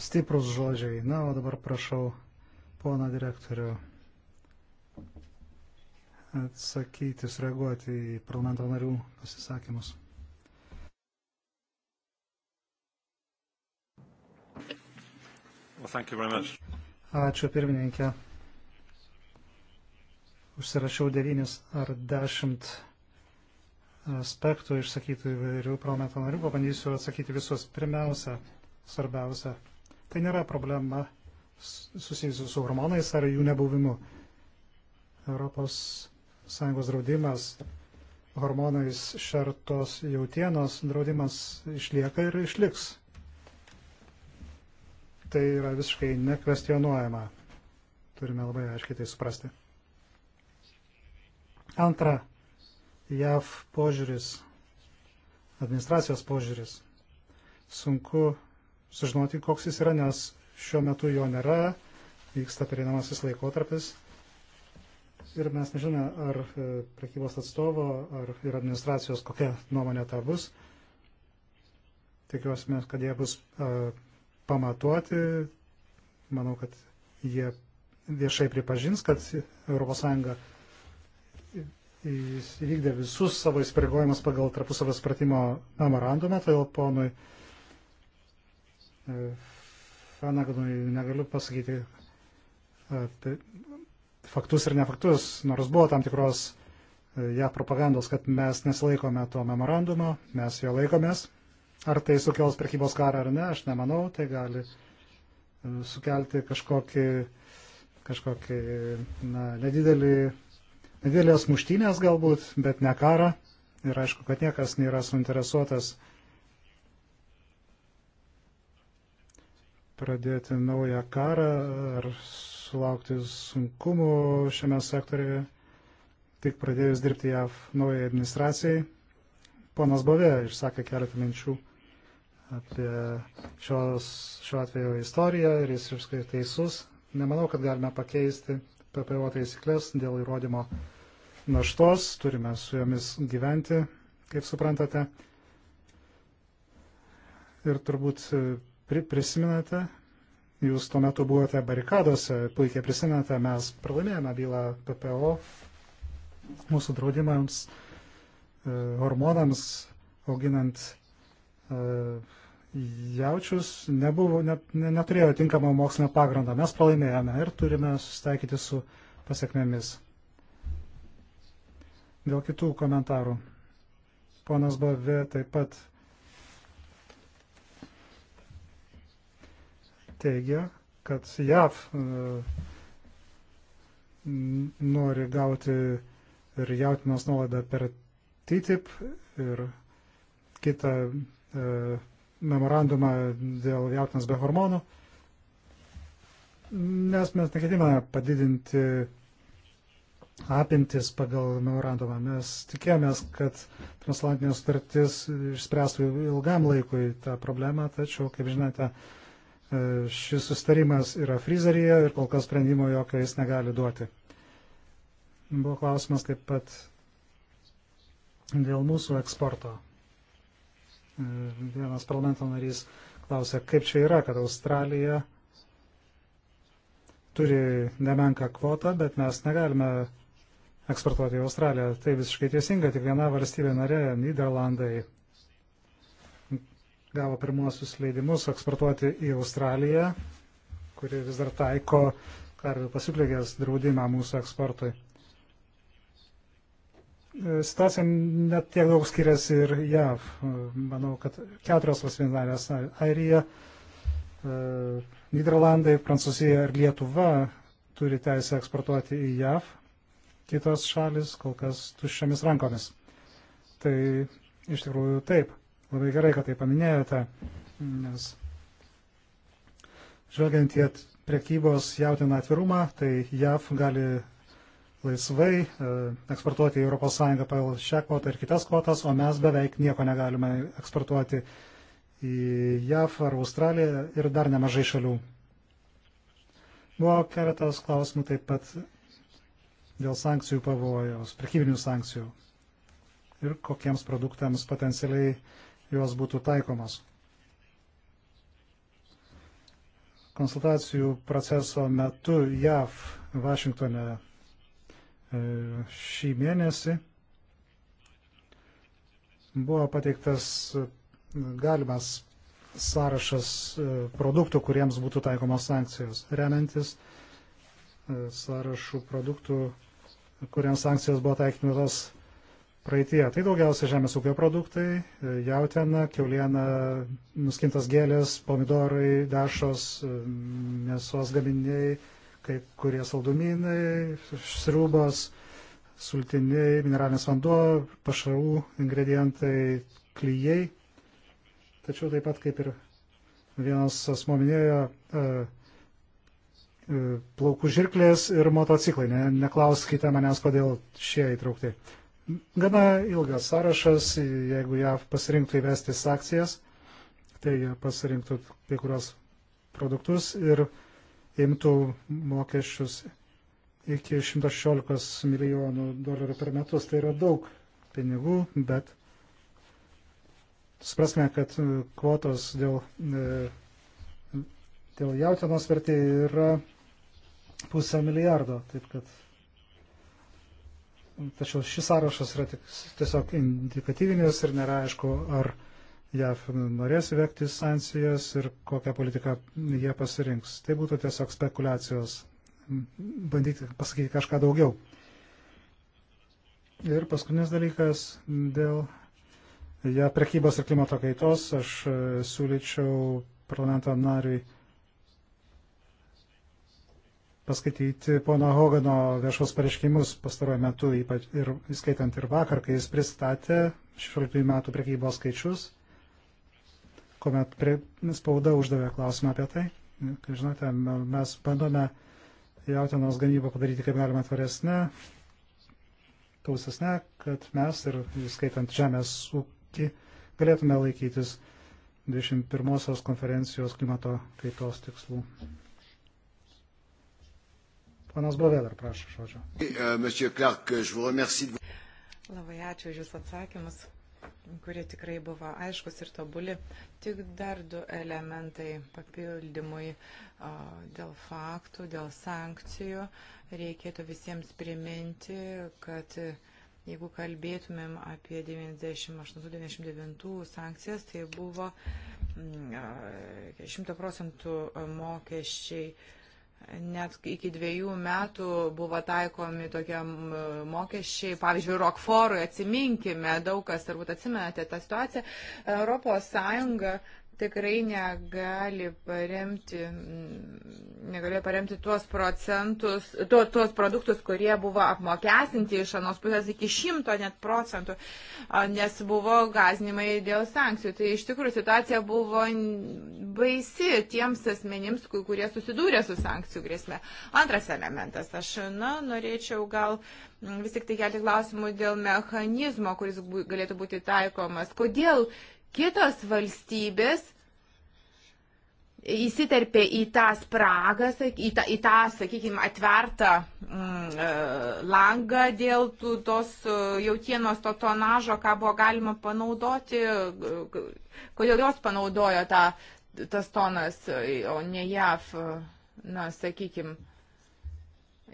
Stiprus žodžiai. Na, o dabar prašau pona direktoriu, atsakyti, sureaguoti į parlamento narių pasisakymus. Well, Ačiū pirmininkė. Užsirašiau devynis ar dešimt aspektų išsakytų įvairių parlamento narių. Pabandysiu atsakyti visus. Pirmiausia, svarbiausia, tai nėra problema susijusių su hormonais ar jų nebuvimu. Europos Sąjungos draudimas hormonais šertos jautienos draudimas išlieka ir išliks. Tai yra visiškai nekvestionuojama. Turime labai aiškiai tai suprasti. Antra, JAV požiūris, administracijos požiūris. Sunku sužinoti, koks jis yra, nes Šiuo metu jo nėra, vyksta pereinamasis laikotarpis ir mes nežinome, ar e, prekybos atstovo, ar ir administracijos kokia nuomonė ta bus. Tikiuosi, kad jie bus uh, pamatuoti. Manau, kad jie viešai pripažins, kad ES įvykdė visus savo įsipareigojimus pagal tarpusavio supratimo memorandumą, todėl ponui e, Flanaganui negaliu pasakyti apie tai faktus ir nefaktus, nors buvo tam tikros ją e, ja, propagandos, kad mes nesilaikome to memorandumo, mes jo laikomės. Ar tai sukels prekybos karą ar ne, aš nemanau, tai gali e, sukelti kažkokį, kažkokį na, nedidelį, nedidelės muštynės galbūt, bet ne karą. Ir aišku, kad niekas nėra suinteresuotas uh, pradėti naują karą ar sulaukti sunkumų šiame sektoriuje, tik pradėjus dirbti JAV naujai administracijai. Ponas Bove išsakė keletą minčių apie šios, šiuo atveju istoriją ir jis visiškai teisus. Nemanau, kad galime pakeisti PPO taisyklės dėl įrodymo naštos, turime su jomis gyventi, kaip suprantate. Ir turbūt pri, prisimenate, jūs tuo metu buvote barikadose, puikiai prisimenate, mes pralaimėjome bylą PPO, mūsų draudimams, e, hormonams, auginant e, jaučius, nebuvo, ne, ne, neturėjo tinkamo mokslinio pagrindo. Mes pralaimėjome ir turime susitaikyti su pasiekmėmis. Dėl kitų komentarų. Ponas Bavė taip pat teigia, kad JAV e, nori gauti ir jautinos nuolaidą per TTIP ir kitą e, memorandumą dėl jautinos be hormonų, nes mes neketiname padidinti apimtis pagal memorandumą. Mes tikėjomės, kad transatlantinė sutartis išspręstų ilgam laikui tą problemą, tačiau, kaip žinote, E, šis sustarimas yra frizeryje ir kol kas sprendimo jokio jis negali duoti. Buvo klausimas taip pat dėl mūsų eksporto. E, vienas parlamento narys klausė, kaip čia yra, kad Australija turi nemenką kvotą, bet mes negalime eksportuoti į Australiją. Tai visiškai teisinga, tik viena valstybė narė, Niderlandai, gavo pirmuosius leidimus eksportuoti į Australiją, kuri vis dar taiko karvių pasiklėgės draudimą mūsų eksportui. E, situacija net tiek daug skiriasi ir JAV. E, manau, kad keturios valstybės narės - Airija, e, Niderlandai, Prancūzija ir Lietuva turi teisę eksportuoti į JAV, kitos šalis kol kas tuščiamis rankomis. Tai iš tikrųjų taip. Labai gerai, kad tai paminėjote, nes žvelgiant į prekybos jautiną atvirumą, tai JAV gali laisvai e, eksportuoti į ES pagal šią kvotą ir kitas kvotas, o mes beveik nieko negalime eksportuoti į JAV ar Australiją ir dar nemažai šalių. Buvo keletas klausimų taip pat dėl sankcijų pavojos, prekybinių sankcijų ir kokiems produktams potencialiai jos būtų taikomas. Konsultacijų proceso metu JAV Vašingtone e, šį mėnesį buvo pateiktas galimas sąrašas e, produktų, kuriems būtų taikomos sankcijos, remiantis e, sąrašų produktų, kuriems sankcijos buvo taikytos praeitie. Tai daugiausia žemės ūkio produktai e, - jautiena, keuliena, nuskintas gėlės, pomidorai, dešos, e, mėsos gaminiai, kai kurie saldumynai, sriubos, sultiniai, mineralinės vanduo, pašarų ingredientai, klyjei. Tačiau taip pat kaip ir vienas asmo minėjo, e, plaukų žirklės ir motociklai. Ne, neklauskite manęs, kodėl šie įtraukti gana ilgas sąrašas, jeigu JAV pasirinktų įvesti sankcijas, tai jie pasirinktų kai kurios produktus ir imtų mokesčius iki 116 milijonų dolerių per metus. Tai yra daug pinigų, bet suprasme, kad e, kvotos dėl, e, dėl jautienos vertė yra pusę milijardo, taip kad Tačiau šis sąrašas yra tik, tiesiog indikatyvinis ir nėra aišku, ar JAF norės įvekti sankcijas ir kokią politiką jie pasirinks. Tai būtų tiesiog spekulacijos, bandyti pasakyti kažką daugiau. Ir paskutinis dalykas dėl JAF prekybos ir klimato kaitos. Aš e, siūlyčiau parlamento nariui paskaityti pono Hogano viešos pareiškimus pastaruoju metu, ypač ir įskaitant ir vakar, kai jis pristatė 16 metų prekybos skaičius, kuomet prie, spauda uždavė klausimą apie tai. Kaip žinote, mes bandome jautienos gamybą padaryti kaip galima tvaresnę, tausesnę, kad mes ir įskaitant žemės ūkį galėtume laikytis 21 konferencijos klimato kaitos tikslų. Panas Bovė dar prašo žodžio. E, e, Labai ačiū už Jūsų atsakymus, kurie tikrai buvo aiškus ir tobuli. Tik dar du elementai papildymui dėl faktų, dėl sankcijų. Reikėtų visiems priminti, kad jeigu kalbėtumėm apie 98-99 sankcijas, tai buvo 100 mm, procentų mokesčiai net iki dviejų metų buvo taikomi tokie mokesčiai, pavyzdžiui, Rokforui, atsiminkime, daug kas turbūt atsimenate tą situaciją, Europos Sąjunga tikrai negali paremti, mm, negalėjo paremti tuos procentus, tu, tuos produktus, kurie buvo apmokestinti iš anos pusės iki šimto net procentų, nes buvo gazinimai dėl sankcijų. Tai iš tikrųjų situacija buvo baisi tiems asmenims, kurie susidūrė su sankcijų grėsme. Antras elementas, aš na, norėčiau gal mm, vis tik tai kelti klausimų dėl mechanizmo, kuris galėtų būti taikomas. Kodėl kitos valstybės įsiterpė į tą spragą, į tą, į tą sakykime, atvertą mm, e, langą dėl tų, tos e, jautienos to tonažo, ką buvo galima panaudoti, kodėl jos panaudojo tą, tas tonas, e, o ne JAV, na, sakykime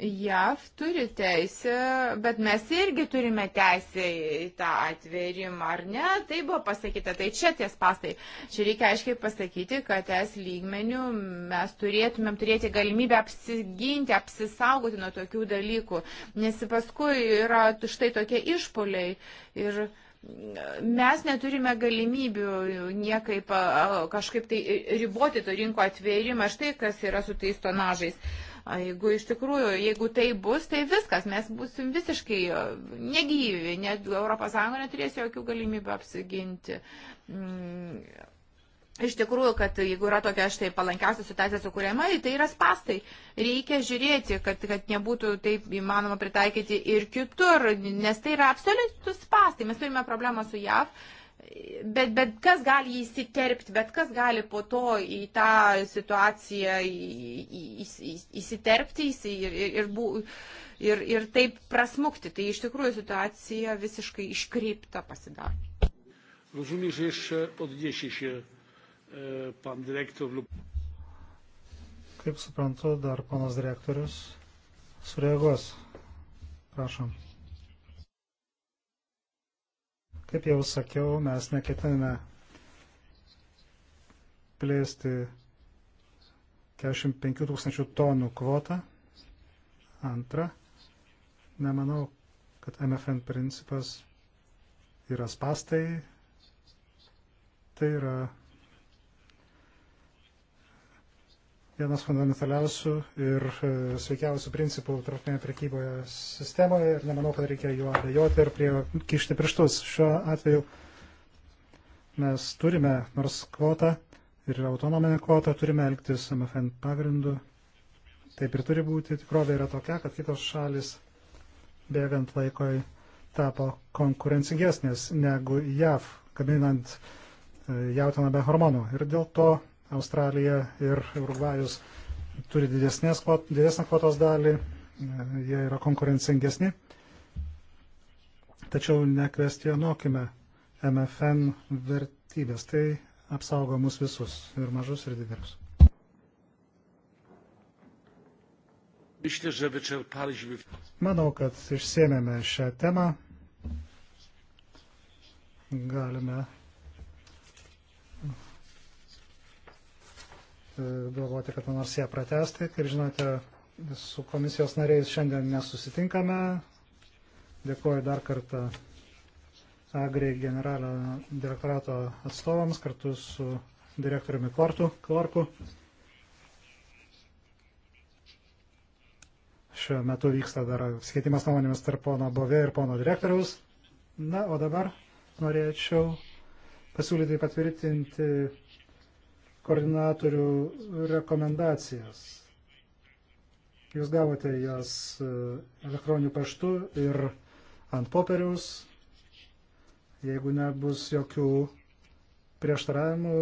JAV turi teisę, bet mes irgi turime teisę į tą atvėrimą, ar ne? Tai buvo pasakyta, tai čia ties pastai. Čia reikia aiškiai pasakyti, kad es lygmenių mes turėtumėm turėti galimybę apsiginti, apsisaugoti nuo tokių dalykų, nes paskui yra štai tokie išpoliai. Ir mes neturime galimybių niekaip kažkaip tai riboti to rinko atvėrimą, štai kas yra su tais tonažais. Jeigu iš tikrųjų, jeigu tai bus, tai viskas, mes busim visiškai e, negyvi, net ES neturės jokių galimybių apsiginti. Mm, iš tikrųjų, kad jeigu yra tokia štai palankiausia situacija sukūrėma, tai yra spastai. Reikia žiūrėti, kad, kad nebūtų taip įmanoma pritaikyti ir kitur, nes tai yra absoliutus spastai. Mes turime problemą su JAV bet, bet kas gali įsiterpti, bet kas gali po to į tą situaciją įsiterpti ir, ir, ir, ir taip prasmukti. Tai iš tikrųjų situacija visiškai iškreipta pasidaro. Rozumiem, że jeszcze odniesie się e, pan dyrektor lub. Kaip suprantu, dar panas direktorius sureaguos. Prašom. Kaip jau sakiau, mes neketiname plėsti 45 tūkstančių tonų kvotą. Antra, nemanau, kad MFN principas yra spastai. Tai yra vienas fundamentaliausių ir e, sveikiausių principų tarptautinėje prekyboje sistemoje ir nemanau, kad reikia juo abejoti ir prie kišti pirštus. Šiuo atveju mes turime nors kvotą ir autonominę kvotą, turime elgtis MFN pagrindu. Taip ir turi būti. Tikrovė yra tokia, kad kitos šalis bėgant laikoj tapo konkurencingesnės negu JAV, gaminant e, jautiną be hormonų. Ir dėl to Australija ir Urugvajus turi kvot, didesnę kvotos dalį, jie yra konkurencingesni. Tačiau nekvestionuokime MFN vertybės. Tai apsaugo mus visus, ir mažus, ir didelius. Manau, kad išsėmėme šią temą. Galime E, galvoti, kad nors ją pratesti. Kaip žinote, su komisijos nariais šiandien nesusitinkame. Dėkuoju dar kartą Agri generalinio direktorato atstovams kartu su direktoriumi Kortu, Klarku. Šiuo metu vyksta dar skaitimas nuomonėmis tarp pono Bovė ir pono direktoriaus. Na, o dabar norėčiau pasiūlyti patvirtinti koordinatorių rekomendacijas. Jūs gavote jas e, elektroniniu paštu ir ant popieriaus. Jeigu nebus jokių prieštaravimų,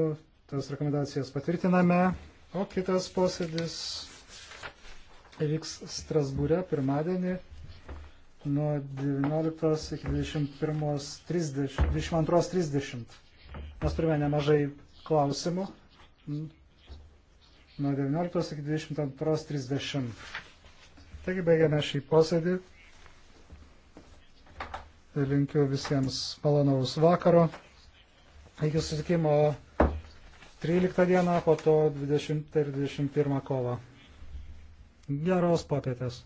tas rekomendacijas patvirtiname. O kitas posėdis vyks Strasbūre pirmadienį nuo 19 iki 21.30. Mes turime nemažai klausimų nuo 19 iki 22.30. Taigi baigiame šį posėdį. Linkiu visiems malonaus vakaro. Iki susitikimo 13 dieną, po to 20 ir 21 kovo. Geros popietės.